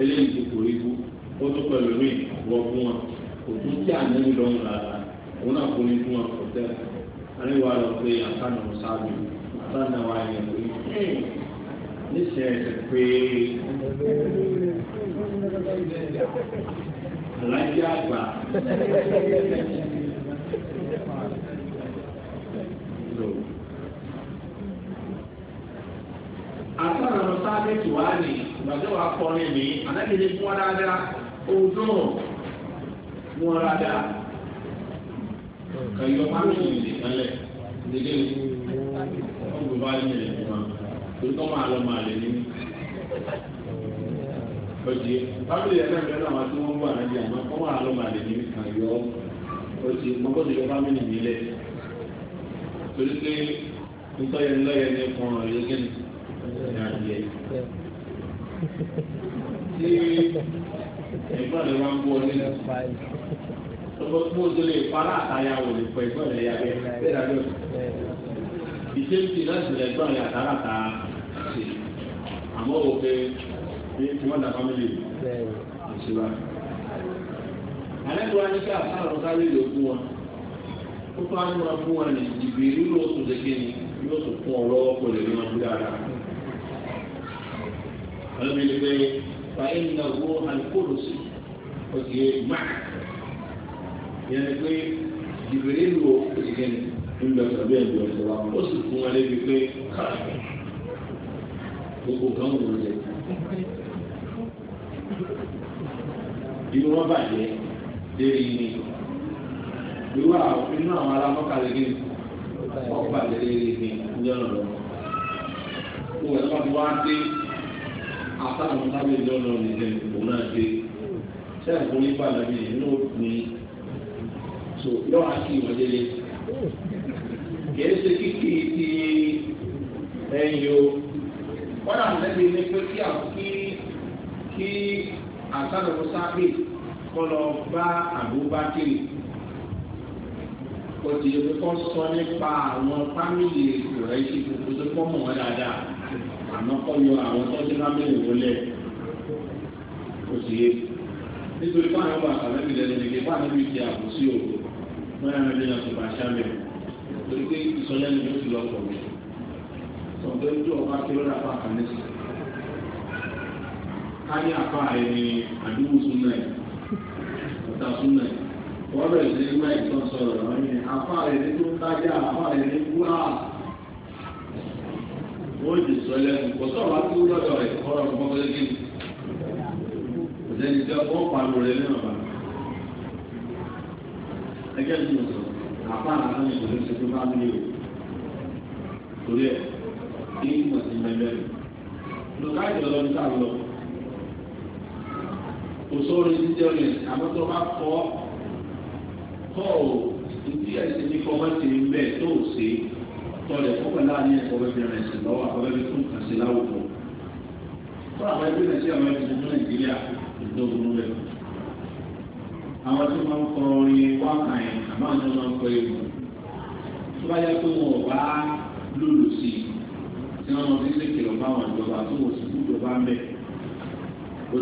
eléyìí ti kò rí bú ó tún pẹ̀lú mí wọ́n fún wọn kò tún kí ànábì lọ́wọ́ rárá òun náà kò ní fún wọn kò tẹ́ ànábì wá lọ pé àtànà ọ̀sáàbì àtànà wá yẹn lórí níṣẹ́ pé aláìsí àgbà lò. àtàrà lọ sáré tùwárì ìgbàjọ́ wa kọ́ ní mi àdájẹ́lẹ́ fún adáadá ojú mú adáadá kàyọ̀ máa ń sùn ìdíkalẹ̀ ìdílé ọgbọ̀n bá yẹn lè fún wa tó tọ́ máa lọ máa lè ní. Ọ̀jì fábílì ẹ̀rọ ìfẹ́ náà tí wọ́n wà náà di àmọ́ kọ́ máa lọ máa lè ní kàn yọ ọ̀jì mọ́kọ́sí yọ fámìlì mi lẹ̀. Torí pé nítorí ẹni lọ́yẹ ní fún ọ̀rọ̀ yóò gẹ́ni ní adìyẹ. Tí ẹ̀gbọ́n rẹ̀ wá ń bú ọ nílẹ̀ ọgbọ́n tí mo délé ìpara àtàyà wò lè pọ̀ ẹ̀gbọ́n rẹ̀ yàgbẹ́ bẹ́ẹ̀ Ìṣèlú ti láti lẹ̀ rẹ̀ àtàràtà àmọ́ wò pé bí ti wọ́n family fámìlì ìṣúra. àlẹ́kùn ní kí àfáà sáré lè fún wọn ó fún wọn fún wọn ní ìbí nínú oṣù tẹ̀kẹ́ ni yóò tún fún ọ lọ́wọ́ kó lè máa fi dáadáa. ọlọ́mi ni pé fàáyé ní àgbo alukóòlù sí òkè máa yẹn pé ìbèrè ń gbogbo kan wò lẹ. inú wọn bàjẹ́ lérí ni irú àwọn inú àwọn ará mọ́kàlẹ́ ní wọ́n bàjẹ́ lérí ni ní ọ̀nà lọ́wọ́. mo wẹ̀ lọ́wọ́ tí wọ́n á dé àtàwọn tábìlì lọ́nà nìkan ìbò náà dé sẹ́yìn fún nígbà náà bí inú ni so yọ̀ọ́ àti ìmọ̀lẹ́lẹ́ kìí ṣe kíkì ti ẹ̀yìn o wọ́n náà lẹ́bi ní pé kí àbúkí kí àtàlùkù sábì kọ́ lọ bá àbúbákiri kò sì yẹ kó sọ nípa àwọn fámìlì rẹ̀ ṣe kókó tó kọ́ mọ̀ wọ́n dáadáa àmọ́ kọ́ yọ àwọn tọ́jú lábẹ́rẹ́ wọlé kò sì yẹ nítorí fáwọn ọba àtàlẹ́bí lẹ́nu nìkan fáwọn ẹbí ti àbùsí òkú wọ́n yára lẹ́yìn ọ̀sùn bàṣá mi torí pé ìsọlẹ́nu ló ti lọ pọ̀ ọ̀dọ́ ìjọ ọba kí lọ́dà apá kan lẹ́sìn. káyé apá ẹni àdúgbò súnmọ́ ẹ̀ ọ̀tá súnmọ́ ẹ̀ wọ́n bẹ̀rẹ̀ sí nígbà ìtàn sọ̀rọ̀ wọ́n ní apá ẹni tó ń tájà apá ẹni wúrà wọ́n ti sọ lẹ́nu kò sọ̀rọ̀ wá sí lọ́dọ̀ rẹ̀ ọ̀rọ̀ ọ̀gbọ́n lẹ́ni tí wọ́n pariwo rẹ̀ lẹ́nu ọ̀bà. sọ àpá àtàwọn ìṣòro ṣe bá ń lé o torí ẹ̀ ní ìmọ̀sí mẹ́lẹ́rì lùkáàdì ọlọ́run tá a lọ kò sóore títí ọ̀rẹ́ àmọ́ tó bá kọ́ kọ́ ò ìdí ẹ̀sìn ní kọ́ bá ti ń bẹ̀ tó ò ṣe tọ́lẹ̀ fọ́pẹ́ láàrin ẹ̀kọ́ bẹ́ẹ̀ bẹ̀rẹ̀ ẹ̀sìn lọ́wọ́ àkọ́bẹ́ bí fún kàn sí láwùjọ. fún àwọn ẹgbẹ́ náà sí àwọn ẹgbẹ́ tuntun nàìjíríà ìdógún rẹ̀. àwọn tó máa ń kọ orin wákàyìn àmọ́ àwọn tó máa ń kọ ewu. tó tí wọ́n lọ sí ilé fáwọn ìjọba tó wọ́n sì kú ìjọba ń bẹ̀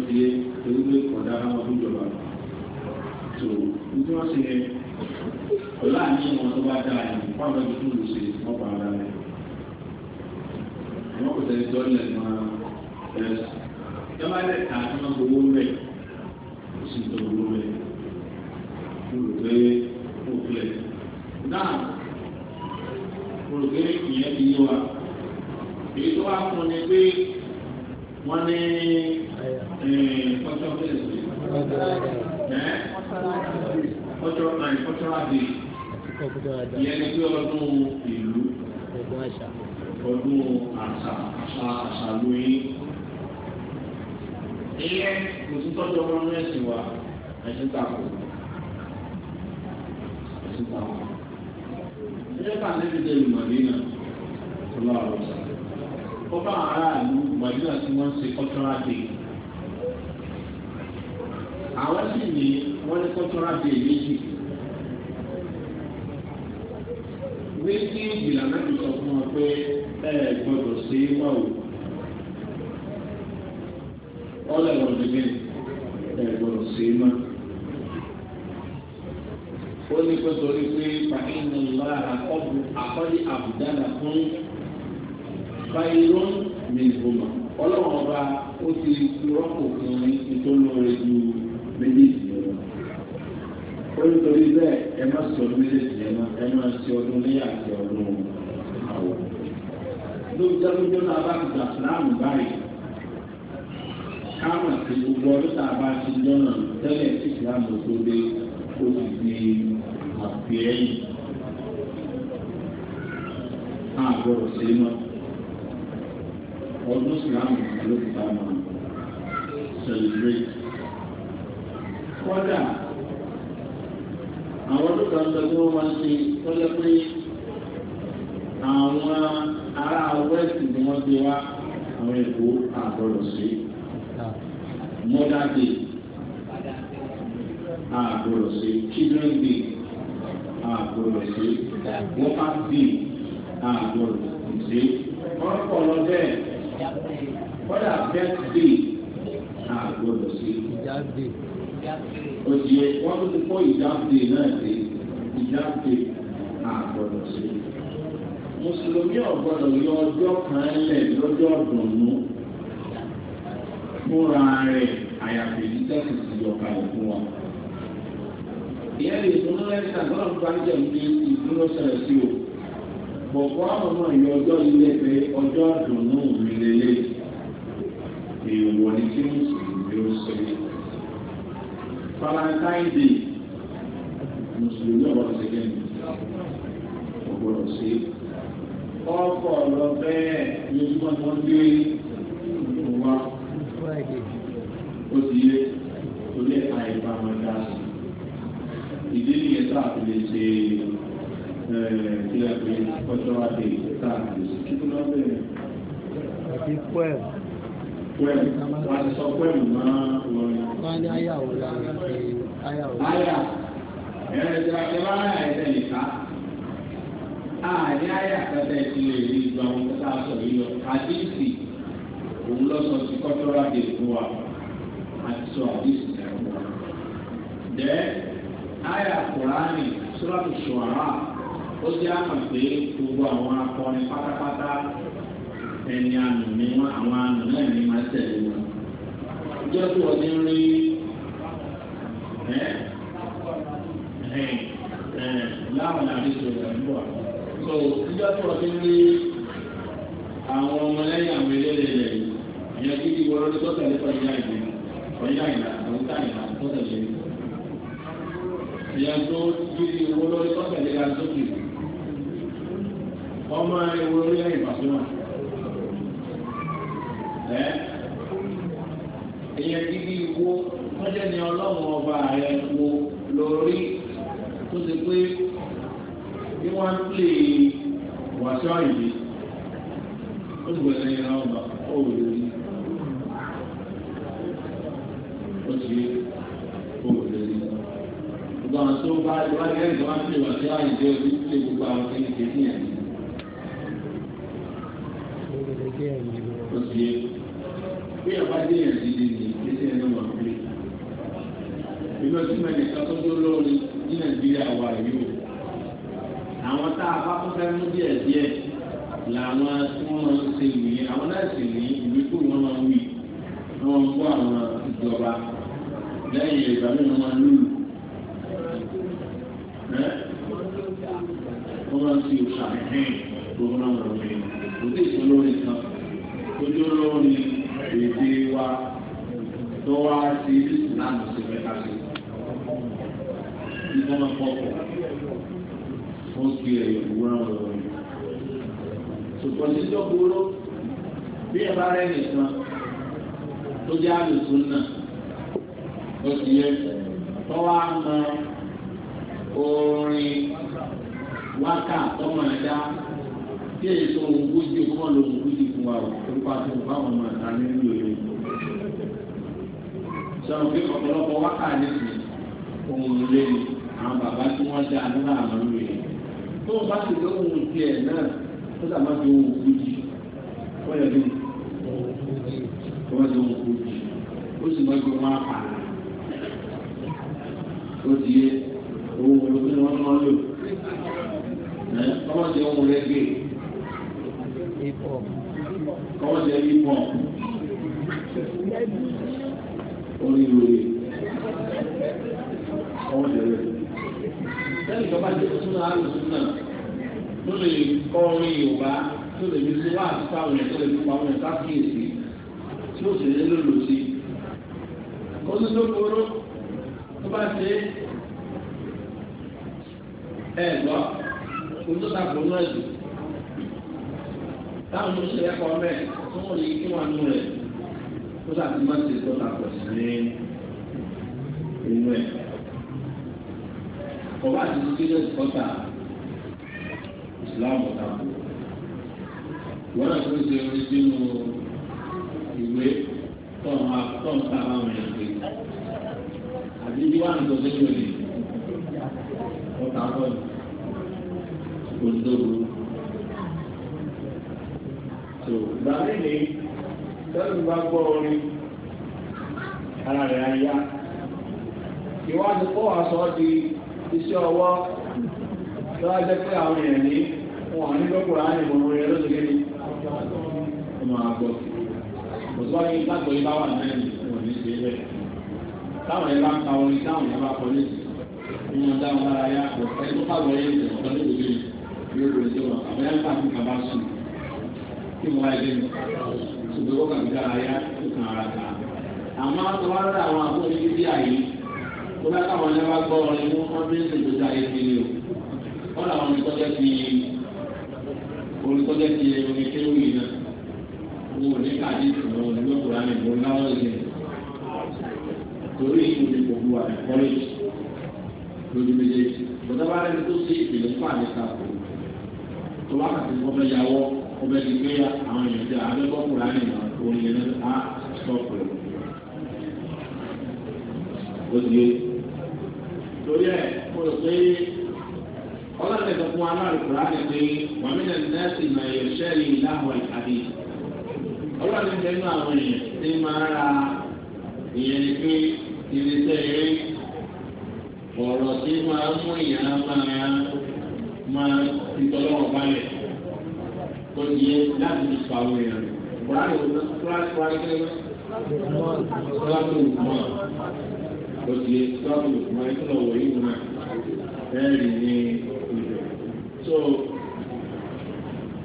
ti yé ewúrẹ́ kọ̀dá wọn fún ìjọba tó ní tí wọ́n yẹ ọ̀la àní wọn tó bá dáa yìí fáwọn ẹni tó lù wọn bá ara rẹ̀ wọn kò tẹ̀lé tó lẹ̀ máa ẹ̀ ìjọba lẹ̀ ta kí wọ́n gbowó rẹ̀ ó sì tó gbowó rẹ̀ mo rò pé mo filẹ̀ náà mo rò pé ìyẹn ti yé wa èyí tó wá fún ni pé wọ́n ní cultural day ìyẹn ni pé ọdún ìlú ọdún àṣà àṣà àṣà lóyún ilé kò sí tọ́jú ọmọ ní ẹ̀sìn wa ẹ̀sìn tako ẹ̀sìn tako ilé kan níbi tẹ̀lé màdínà ọlọ́run sọ ó bá aráàlú mọ̀lúwà tí wọ́n ń ṣe cultural day. àwọn sì ní wọ́n ní cultural day méjì. méjì ìlànà ti sọ fún wọn pé ẹ gbọdọ̀ ṣe é wà o. ọlọ́run ọ̀dẹ́gbẹ́ ẹ gbọdọ̀ ṣe é máa ó ní pé torí pé fàáyìn ńlá àkọ́bù àkọ́lé àbùdá nà fún báyìí mìíràn ọlọ́run ọba ó ti rọ́pò fún yín tó lóore ju méjèèjì lọ. ó ní torí bẹ́ẹ̀ ẹ má sọ méjèèjì ẹ má ẹ má ṣe ọdún ní àti ọdún àwọ̀. lóòótọ́ jágbójó náà bá ti gbà láàmú báyìí káwọn àti gbogbo ọdún tá a bá ti jọ́nà tẹ́lẹ̀ sí ìlànà tó dé ó ti di àbí èkó àgbọ̀dọ̀ sí mother day àgbọ̀dọ̀ sí children day àgbọ̀dọ̀ sí woman day àgbọ̀dọ̀ sí ọ̀pọ̀lọpọ̀ bẹ́ẹ̀ kọ́dà best day àgbọ̀dọ̀ sí òjì wọ́n tún ti kọ́ ìjáde náà dé ìjáde àgbọ̀dọ̀ sí mùsùlùmí ọ̀gbọ́dọ̀ yọ ọjọ́ kan lẹ̀ lọ́jọ́ ọ̀dùnnú fúnra rẹ̀ àyàfi ìdíjọ́sì ti yọ̀ka òkun wa. ìyá lè fún lẹ́sà náà bá jẹ̀ ní ìdúró sọ̀rọ̀ sí o. bọ̀bọ̀ àwọn ọmọ ìyọ ọjọ́ ilé pé ọjọ́ ọ̀dùnnú mi lélẹ̀ èèwọ̀ ni kí mùsùlùmí ó ṣe. valentine day mùsùlùmí ọ̀gbọ́dọ̀ ṣe kẹ́ni ọ̀gbọ́dọ̀ ṣe é ọkọ̀ lọ bẹ́ẹ̀ lójúmọ́ tó ń gbé wa ó ti yé tó lé àìbámadá ìdí nìyẹn tá a fi lè ṣe kílẹ̀ pé ọjọ́ àti tá a fi lè ṣe kí ló bẹ̀rẹ̀. àti pẹ́ẹ̀l. pẹ́ẹ̀l wà á sọ pẹ́ẹ̀l mọ́ orin. wọ́n á ní ayáwó lára ṣe ayáwó. ayá ẹ̀rọ ìjọba ẹ̀rọ ayá ẹ̀rẹ́ nìkan. àní àyà kẹtẹ ti lè rí ìgbà wọn sọ yìí lọ àdìsí òun lọ sọ ti kọ́tọ́rọ́ wa àti sọ àdìsí ẹ̀kọ́ wa. dẹ́ àyà kùránì sọ́làtù ṣọ̀rá ó jẹ́ àmọ̀ pé gbogbo àwọn akọni ni wọn àwọn àmì ni máa tẹ̀lé wọn. tó wọ́n ti ń rí láwọn so nígbà tí wọ́n ti ń rí àwọn ọmọlẹ́yìn àwọn ẹlẹ́lẹ̀ rẹ̀ ìyẹn kí wọ́n lọ́dún tó tẹ̀lé ọ̀yìn àìdè ọ̀yìn àìdà àwọn táyà tó tẹ̀lé ìyẹn tó kí wọ́n lọ́dún tó tẹ̀lé àdókè ọmọ ewu orí ẹ̀yìn pàṣẹwà ìyẹn kí wo wọ́n jẹ́ ni ọlọ́run ọba rẹ̀ wo lórí tó ti pé wá ń pè wàṣọ ìwé ó ti wọlé ẹyẹ náà ọba ó wò lórí ó ti ó wò lórí gbogbo àwọn tó bá ìwádìí ẹ̀rí tó wá ń wàṣọ ìwé ó ti pè Kọ́ jẹ́ yíwọ̀n. Orí orí. Kọ́ jẹ́ rẹ̀. Lẹ́yìn tó bá jẹ́ súnà àlùsúnà, tó lè kọ́ orí Yorùbá, tó lè fi wá àtúntàwọn ẹ̀ tó lè fi pa àwọn ẹ̀ sáfíyèsí, tí ó sì lé lòlò sí. Kọ́sí tó kóró, tó bá ṣe é, ẹ̀ lọ, kò tó ta kò náà dùn táwọn tó ṣe ẹ̀kọ́ mẹ́ tó wọ́n lè kí wọ́n nú rẹ̀ tó sàtì má ti tó ta pọ̀ sí ní inú ẹ̀. ọba àti sílẹ̀ kọ́tà ìsìláàmù tàbí wọ́n náà tó ṣe orí sínú ìwé tọ́ǹtà àwọn èèyàn pé àbí wọ́n á ń ìwé ọ̀tà pọ̀ ní lélẹ̀ tẹ́lẹ̀ bá gbọ́ orin ara rẹ̀ ayá ìwádìí kó aṣọ di iṣẹ́ ọwọ́ tó wá jẹ́ pé àwọn èèyàn ní wọn ní lọ́kùnrin àárín ìmọ̀ orin ló ti gé ní ọmọ àgbọ̀ òtún wáyé lágbo ibà wà náà ní ìwọ̀n ní ṣe bẹ́ẹ̀ táwọn ẹ̀ bá ń ka orin táwọn ẹ̀ bá kọ ní ìsìn ìyọ̀n dáwọn lára yá ẹ̀ tó kàwé ẹ̀ ìjọba lóde yóò lè jẹ́ e wọn àbẹ́yẹ́ tí mo wáyé lẹ́nu ṣùgbọ́n ó kàn ń dára yá ó kàn ara kan. àmọ́ tó wá rẹ̀ àwọn àbúrò ní bíbí àyè tó bá káwọn ní wá gbọ́ ọ̀rẹ́ mú wọ́n bí ń ṣètò sí ayé ti ní o wọ́n làwọn olùkọ́jọ́ ti olùkọ́jọ́ ti omi kéwì náà wọ́n ò ní káàdì ìṣòro olùkọ́kùnrin àmì ìbò láwọn ìṣẹ̀ torí ìṣòro ìgbòho àti kọ́lẹ́jì lójú méjèèjì bọ́dá bá rẹ̀ tó ṣe ìpìlẹ̀ fún àmì ó bẹ́ẹ̀ ni pé àwọn èèyàn ti àbẹ́bọ́kùn láti mọ̀ orin yẹn á sọ̀kù rẹ̀. ó di é torí ẹ̀ mo rò pé ọlọ́dẹ̀ tó fún aláàrùkù láti pé wàmínà nẹ́ẹ̀sì náà yẹ ṣẹ́ẹ̀lì láwọn ìpàdé ọlọ́dẹ̀ tẹ́ àwọn èèyàn ti máa ra ìyẹn ni pé irinṣẹ́ eré ọ̀rọ̀ tí máa ń mú ìyá máa máa ti tọ́lọ́wọ́ balẹ̀ tó yẹ láti fi pa àwọn èèyàn rẹ̀. Kùránì ò náà Kùránì Kùránì kí lẹ́gbẹ́. Kùránì ò mọ̀ tó yẹ Kùránì ò mọ̀ ẹ̀kọ́ lọ́wọ́ yìí mọ̀ bẹ́ẹ̀rì ní ìjọ. So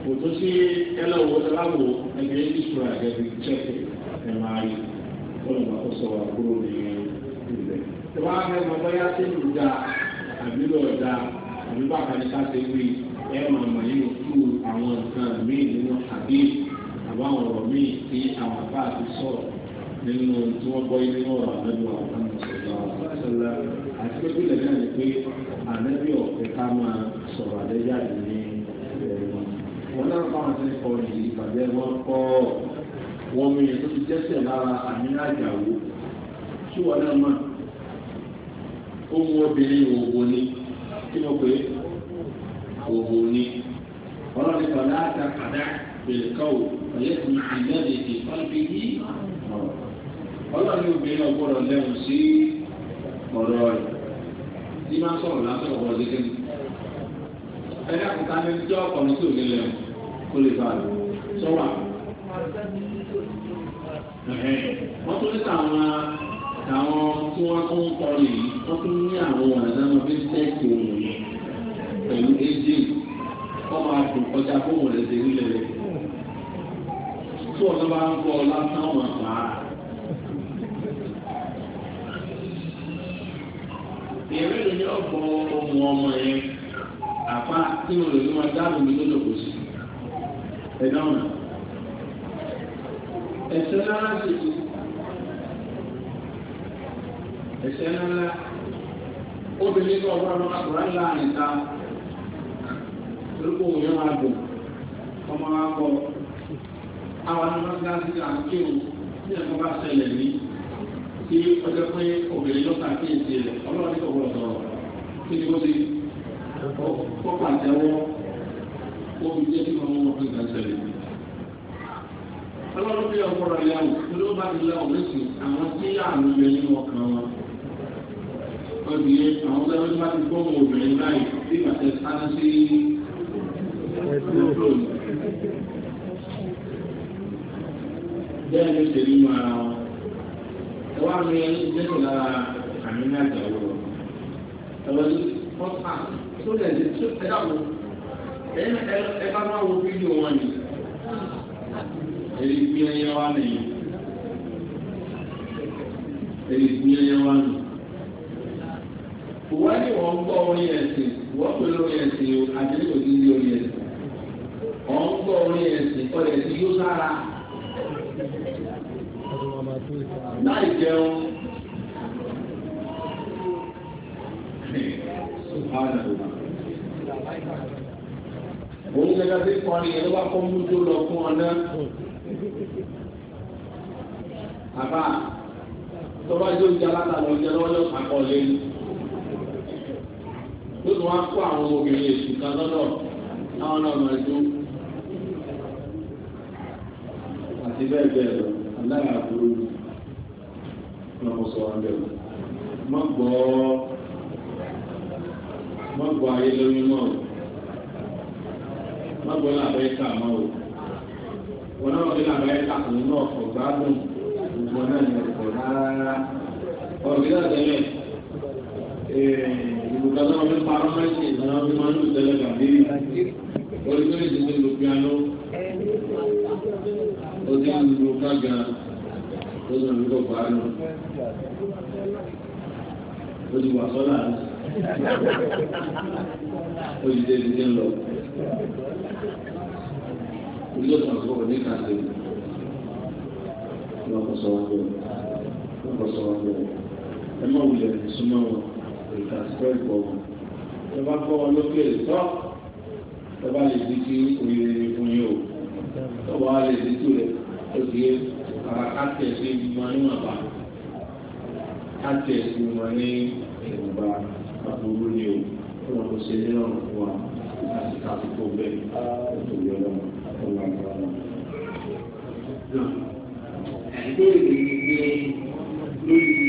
kò tó sí ẹlẹ́wọ̀ ẹlẹ́wọ̀ ẹgbẹ́ ìṣúra ẹgbẹ́ chẹ́kì ẹ̀ máa rí kọ́lọ̀mọ́ kó sọ wà kúrò ní ìlẹ̀. Ìwà ẹ̀mọ̀ bọ́yá sí ìlú dáa àbí lọ́ọ̀ dáa àbí bàbá ní ká ṣe wí ẹ máa mọ̀ nínú kú àwọn nǹkan míì nínú àbí àbáwọn ọ̀rọ̀ míì tí àwọn àbá àti sọ̀rọ̀ nínú tí wọ́n gbọ́ nínú ọ̀rọ̀ àbẹ́bí wa ọ̀kan sọ̀rọ̀ àti pé bílẹ̀ náà ni pé àbẹ́bí ọ̀pẹ ká máa sọ̀rọ̀ àbẹ́jáde ní ìbẹ̀rẹ̀ wọn. wọn náà bá ti kọ ìyí ìpàdé wọn kọ́ wọn mi tó ti jẹ́sẹ̀ lára àmì àjàwó tí wọn náà mọ̀ òhun ni ọlọ́run kan láta kàdá bèlkọ́wò ọ̀yẹ́kùn àìjáde ti pálí yìí ọlọ́run obìnrin ọgbọ́dọ̀ lẹ́hùn sí ọ̀rọ̀ rẹ̀ tí máa sọ̀rọ̀ lásán ọ̀rọ̀ gẹ́gẹ́ ni ẹ̀dá kùtà ní jẹ́ ọkùnrin tí ò ní lẹ́hùn kó lè bá a lò sọ́wọ́ àwọn wọ́n tún ní tàwọn àwọn tí wọ́n tún ń kọ́ lè yìí wọ́n tún ní àwọn ọ̀nà tí wọ́n fi ń tẹ́kì òun pẹ̀lú éjì ọmọ máa dùn kọjá fóun rẹ̀ nílẹ̀ rẹ̀. Tí bá ń kọ́ lásán wọn pa á. Ìrìn ni ọ̀pọ̀ ohun ọmọ yẹn àpá tí mo lè fi máa dáàbò mi lọ́dọ̀ kò sí. Ẹ dáhùn. náà náà obìnrin náà wọ́n àyíká. orúkọ òun yẹn máa dùn ọmọ wa kọ àwọn anúmọ́síláṣí à ń kéwòn tí ẹ̀kọ́ bá ṣẹlẹ̀ ní tí ọjọ́ pé obìnrin ló kà kéèsì rẹ̀ ọlọ́run ní ọ̀gbọ̀n sọ̀rọ̀ kí ni ó ti kọ́ pàtẹ́wọ́ omi jẹ́ kí wọ́n mọ̀ pé kà ṣẹlẹ̀ ní. ọlọ́run bí ọ̀gbọ̀rọ̀ yàwó ló bá ti láwọn lẹ́sìn àwọn tí àmì yẹ nínú ọkàn wọn obìnrin àwọn tó bá ti gbọ́ obìnrin báyìí bí bàtẹ́ sáná bẹ́ẹ̀ ló ṣe nínú ara wọn ẹ wá mi lẹ́nu lára àmì ní àjàwó lọ ẹ̀rọ ní pọ́tà tó lẹ̀ ní tó ẹ dàbò ẹ bá máa wo fídíò ni wọ́n ní wọ́n orí ẹ̀sìn wọ́n pè lórí ẹ̀sìn o àdéhùn òdìdí orí ẹ̀sìn. ọ̀rẹ́ ti yóò sára láì jẹun. Òun gẹ́gẹ́ bí kọrin yẹn ló bá kọ́ mú tó lọ fún ọ náà. Àbá tọ́ba yóò jẹ alátàlọ́ jẹ lọ́wọ́ yóò sàkọ́ lẹ́nu. wá kó àwọn obìnrin èsì kan lọ́dọ̀ táwọn náà máa dún. àti bẹ́ẹ̀ bẹ́ẹ̀ lọ aláya àbúrò ní ọmọ sọ wọn bẹ́ẹ̀ mọ́ gbọ́ mọ́ gbọ́ ayé lórí náà mọ́ gbọ́ làbẹ́ ká mọ́ o wọn náà wọlé làbẹ́ ká òun náà kọ̀ gbádùn gbogbo náà ní ọ̀pọ̀ rárá ọ̀gbìn náà tẹ́lẹ̀ ìbùkún náà wọ́n parọ́ mẹ́sì náà wọ́n ń lù tẹ́lẹ̀ gàdí oríṣiríṣi ti ti lo piano ó ti ń lo kága ó sì ń lo piano ó ti wà sọ́là ó ti dé ti ti ń lọ ilé ìtọ́jú òní kan lè wọ́n kọ́ sọ wọn bẹ́ẹ̀ wọ́n kọ́ sọ wọn bẹ́ẹ̀ ẹ má wulẹ̀ súnmọ́ wọn ìkàsíkọ́ ìgbọ̀ wọn ẹ bá kọ́ wọn lókè tọ́ tọ́ba lè di kí oríire ní fún yóò tọ́ba lè di kí rẹ̀ ó di é ara káàtì ẹ̀sìn ìgbìmọ̀ níwọ̀nba káàtì ẹ̀sìn ìgbìmọ̀ ní ìwọ̀nba àbúrú ni o tó wọn kò ṣe ní ọ̀rọ̀ fún wa láti ká àkókò bẹ́ẹ̀ yọ lọ́wọ́ tó wà ní ọ̀rọ̀. ìbéèrè ni pé lórí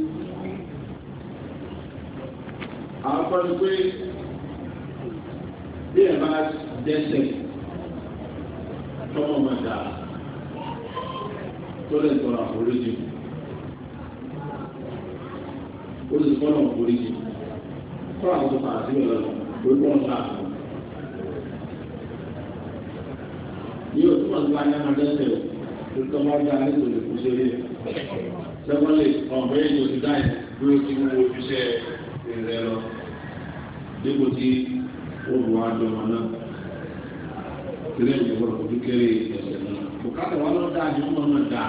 àkọ́kọ́ ni pé bí ẹ̀ bá dẹ́sẹ̀ tọ́mọ̀ máa dà tó lè tọrọ àforíjì ó sì tọrọ àforíjì kọ́ àwọn tó fà á sílẹ̀ lọ́wọ́ lórí wọn sá àpò. ní o túmọ̀ nípa ní àwọn dẹ́sẹ̀ o tó tọ́ bá dá ní tòlè kú sórí ẹ̀ sẹ́wọ́n lè ọ̀bẹ́yìn tó ti dá ẹ̀ bí ojúṣe ìrẹ́ lọ. dípò tí àjọ ọmọ náà kílẹ̀ ìjọ gbọ́dọ̀ kó kékeré ẹ̀sẹ̀ náà bùkátà wọn lọ dáa ju ọmọ náà dáa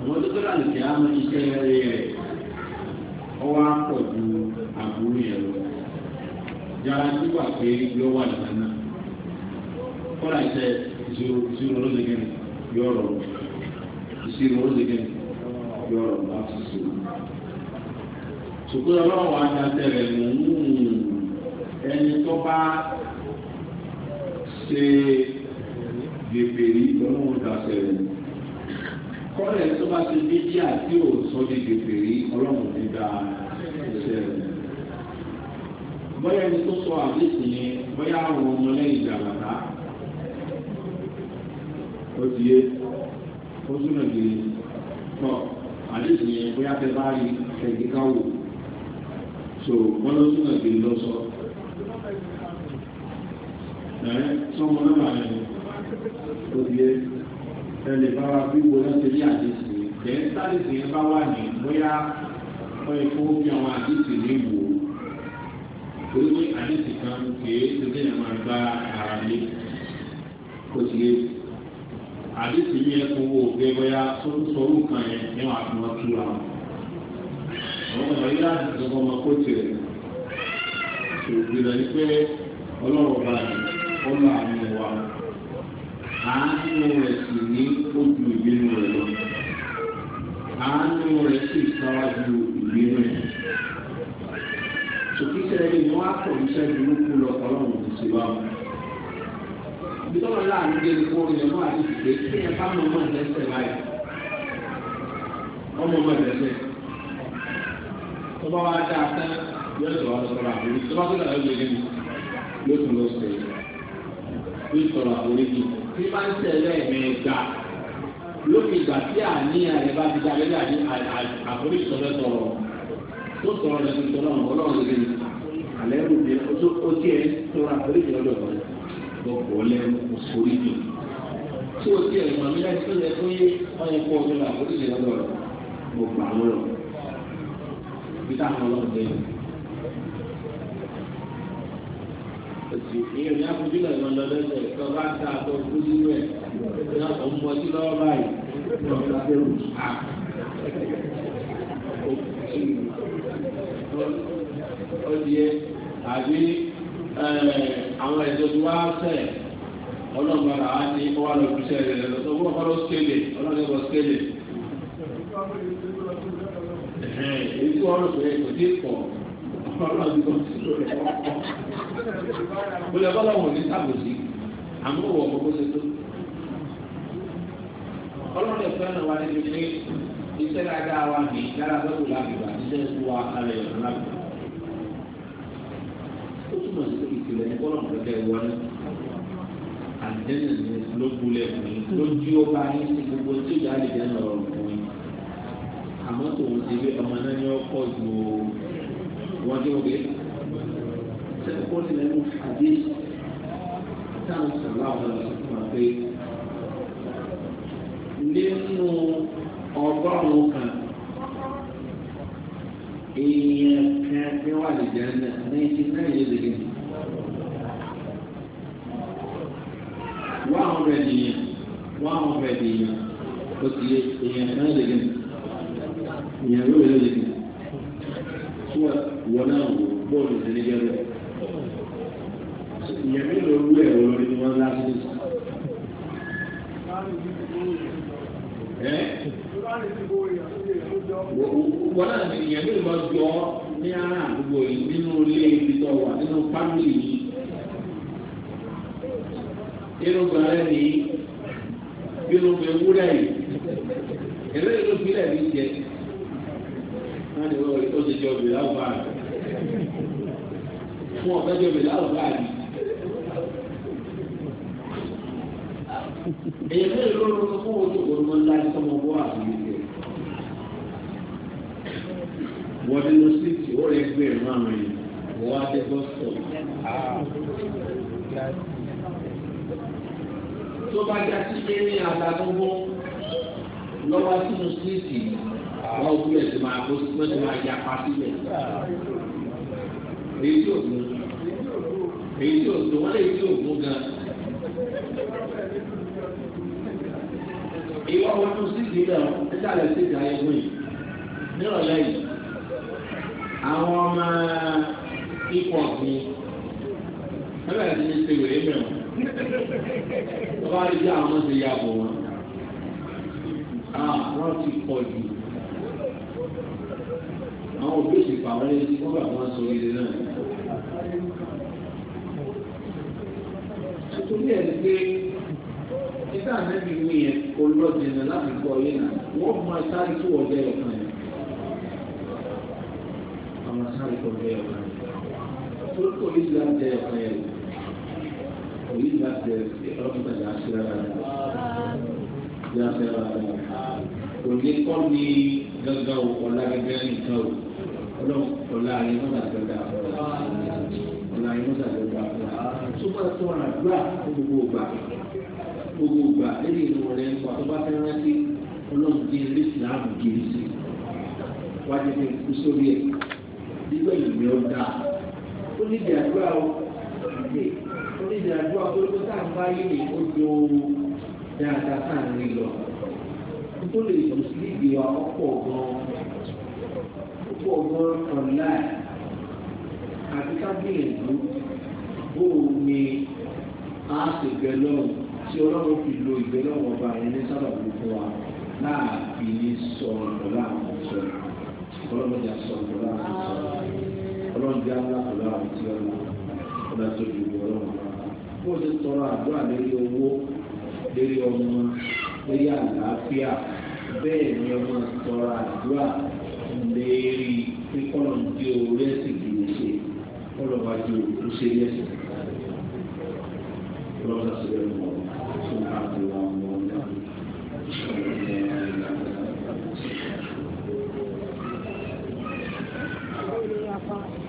àwọn tó tẹ́lá lè kí á mọ iṣẹ́ rẹ̀ ọwọ́ ju àbúrò yẹn lọ yàrá tí wà pé yọ wà náà ìṣòro ìṣòro ló ṣùgbọ́n ọlọ́run adájọ́ rẹ̀ mú ẹni tó bá ṣe se lọ́wọ́ dáṣẹ́ rẹ̀ kọ́lẹ̀ tó bá se méjì àti o ní gbèbèrè ọlọ́run ti dá iṣẹ́ rẹ̀ bóyá ẹni tó sọ àdéhùn yẹn bóyá àwọn ọmọ lẹ́yìn ìjàmbá ó ti yé ó túnà gírí pọ̀ àdéhùn yẹn bóyá fẹ́ bá rí ẹ̀gbẹ́ káwọ́ so wọ́n ló tún náà kiri lọ sọ. ẹ sọmọ náà wà lẹ́nu tó di ẹ ẹnì bá wa bí wo láti rí àdéhùn yìí tẹ ẹ sáré sí ẹ bá wà ní bóyá wọ́n yẹ kó fi àwọn àdéhùn ní wò ó torí pé àdéhùn kan kìí ṣe déyà máa gba ara lé tó di ẹ àdéhùn yìí ẹ kó wò ó gbé bóyá sọ́dún sọ́dún kan yẹn ní wàá fi wọ́n tú àwọn àwọn ọmọ yìí láti ìjọba ọmọ kó tiẹ̀ ṣòwò ìgbé ọlọ́run ọba ọmọ àmì wa àánú rẹ̀ sì ní ojú ìbínú rẹ̀ lọ àánú rẹ̀ sì sáwájú ìbínú rẹ̀ sòkítẹ́ ẹni wọn á pọ̀ níṣẹ́ burúkú lọ ọlọ́run kò sí wa bí tọ́lọ́ láàánú dé kó ilẹ̀ mọ́ àti ìgbé kí ẹ bá mọ́ ọmọ ìdẹ́sẹ̀ báyìí ọmọ tó bá wá dá a tán yóò sọ wá sọ̀rọ̀ àforí tó bá tó dà lọ́gbẹ̀ẹ́ nínú yóò tún lọ sí i yóò sọ̀rọ̀ àforí jù bí máa ń tẹ̀lé ẹ̀mẹ́gbà lókè ìgbà tí àníyàn rẹ̀ bá ti dá lẹ́yìn àní àforí sọ̀rọ̀ sọ̀rọ̀ tó sọ̀rọ̀ lẹ́sìn tó náà ọlọ́run lè alẹ́ rò pé ó ti ẹ̀ sọ̀rọ̀ àforí jù lọ́dọ̀ rẹ̀ lọ́pọ̀ lẹ́nu òṣòrí jù tí ó ti ẹ̀ mọ̀ nígbà tí ó yẹ kó yé ọ̀yẹ̀kọ́ ọ̀gbìn àforí jù lọ́dọ̀ rẹ̀ gbogbo àwọn ọ̀rọ̀ bí táwọn ọlọ́run dé. Èsì ìyẹn ní akójúlẹ̀ ìmọ̀ lọ́dẹ́sẹ̀ tó bá ta tó kú sínú ẹ̀ náà tó ń mọ sí lọ́wọ́ báyìí tó ń ta fẹ́rù. Ó di yẹ tàbí àwọn ẹ̀jọ̀ tó wá sẹ̀ ọlọ́run bàbá wa ní ọwọ́ àlọ́ ìbísẹ̀ rẹ̀ lọ́sọ̀gbọ́n ọlọ́run skéle ọlọ́run ẹ̀kọ́ skéle èyí tí wọ́n rò pé kò tí pọ̀ ọlọ́run tó ń sọ rẹ̀ bóyá bọ́lá wọn ò ní sábòsí àmọ́ wọ̀ ọ́ kókó ṣe tó ọlọ́run lè fẹ́ràn wa níbi pé iṣẹ́ dáadáa wa ní yàrá tó kù lágbègbè iṣẹ́ tó wa ara ẹ̀ lọ́nà lágbègbè ó túmọ̀ sí pé ìpìlẹ̀ ní bọ́lá wọn kẹ́kẹ́ wọlé àdéhùn ló gbúlẹ̀ fún mi ló jí ó bá yín sí gbogbo tí ìjà lè jẹ́ nọ̀rọ̀ àmọ́ tòun ti gbé ọmọ náà ní ọkọ̀ ju wọ́n tó gbé sẹ́kọ̀ọ́ ti lẹ́nu àdé táwọn sọ̀rọ̀ àwọn ọ̀sán máa pé nínú ọgọ́rùn-ún kan èèyàn kan tí wà lè jẹ́ náà náìjí náà yé lè gbé. wọ́n àwọn ọ̀rẹ́ nìyẹn wọ́n àwọn ọ̀rẹ́ nìyẹn. tó bá rí àwọn ṣe ya bọ̀ wọn àwọn ti pọ̀ jù àwọn òbí sì pa wọ́n létí wọ́n bá wọn sọ ilé náà. nítorí ẹ̀ pé títà nẹ́bí mi yẹn kò lọ jìnnà láti gbọ́ yín náà wọ́n máa sáré tó ọjọ́ ẹ̀kan yẹn. àwọn sáré tó ọjọ́ ẹ̀kan yẹn. tó kò ní ìlànà ẹ̀kan yẹn òde kọ́ ni gángan o ọ̀la gángan nìkan o ọlọ́run ọ̀la yẹn ló dàgbà dà ọ̀la yẹn ló dàgbà dà sọ́kọ́ tó wà nàdúrà gbogbo ògbà gbogbo ògbà lórí ìlú wọn lẹ́yìn kọ́ àtọ́gbà fẹ́ rántí ọlọ́run ti rí ìsìláàmù kiri sí wá jẹ́ pé kú sórí ẹ̀ nígbà ìlú mi ó níbi àdúrà tó tó tá à ń báyé lè ó jọ dáadáa tá à ń rí lọ. Tó lè dùn sí ìdí wa ọ̀pọ̀ gan-an. Ọ̀pọ̀ gan-an online àti kábíyèsí bóò ni a ṣe gbẹ lọ́rùn tí ọlọ́run fi lo ìgbẹ́ lọ́wọ́ ọba yẹn ní sábà gbogbo wa láàbí ní sọ̀rọ̀ láàbí sọ̀rọ̀. Ọlọ́run jà sọ̀rọ̀ láàbí sọ̀rọ̀. Ọlọ́run jà ńlá pẹ̀lú àwọn tí wọ́n lọ. Ọlọ́run tó ju ìgbẹ́ lọ́wọ́ bó ṣe tọrọ àdúrà lórí owó lórí ọmọ lórí àlàáfíà bẹ́ẹ̀ ni ọmọ tọrọ àdúrà lérí kíkọ́nà di orí ẹ̀sìn kìí ṣe ọlọ́ba di òkú ṣe lẹ́sìn. Lọ́sà sílẹ̀ mọ̀ fún àdúrà ọmọ náà. Thank you.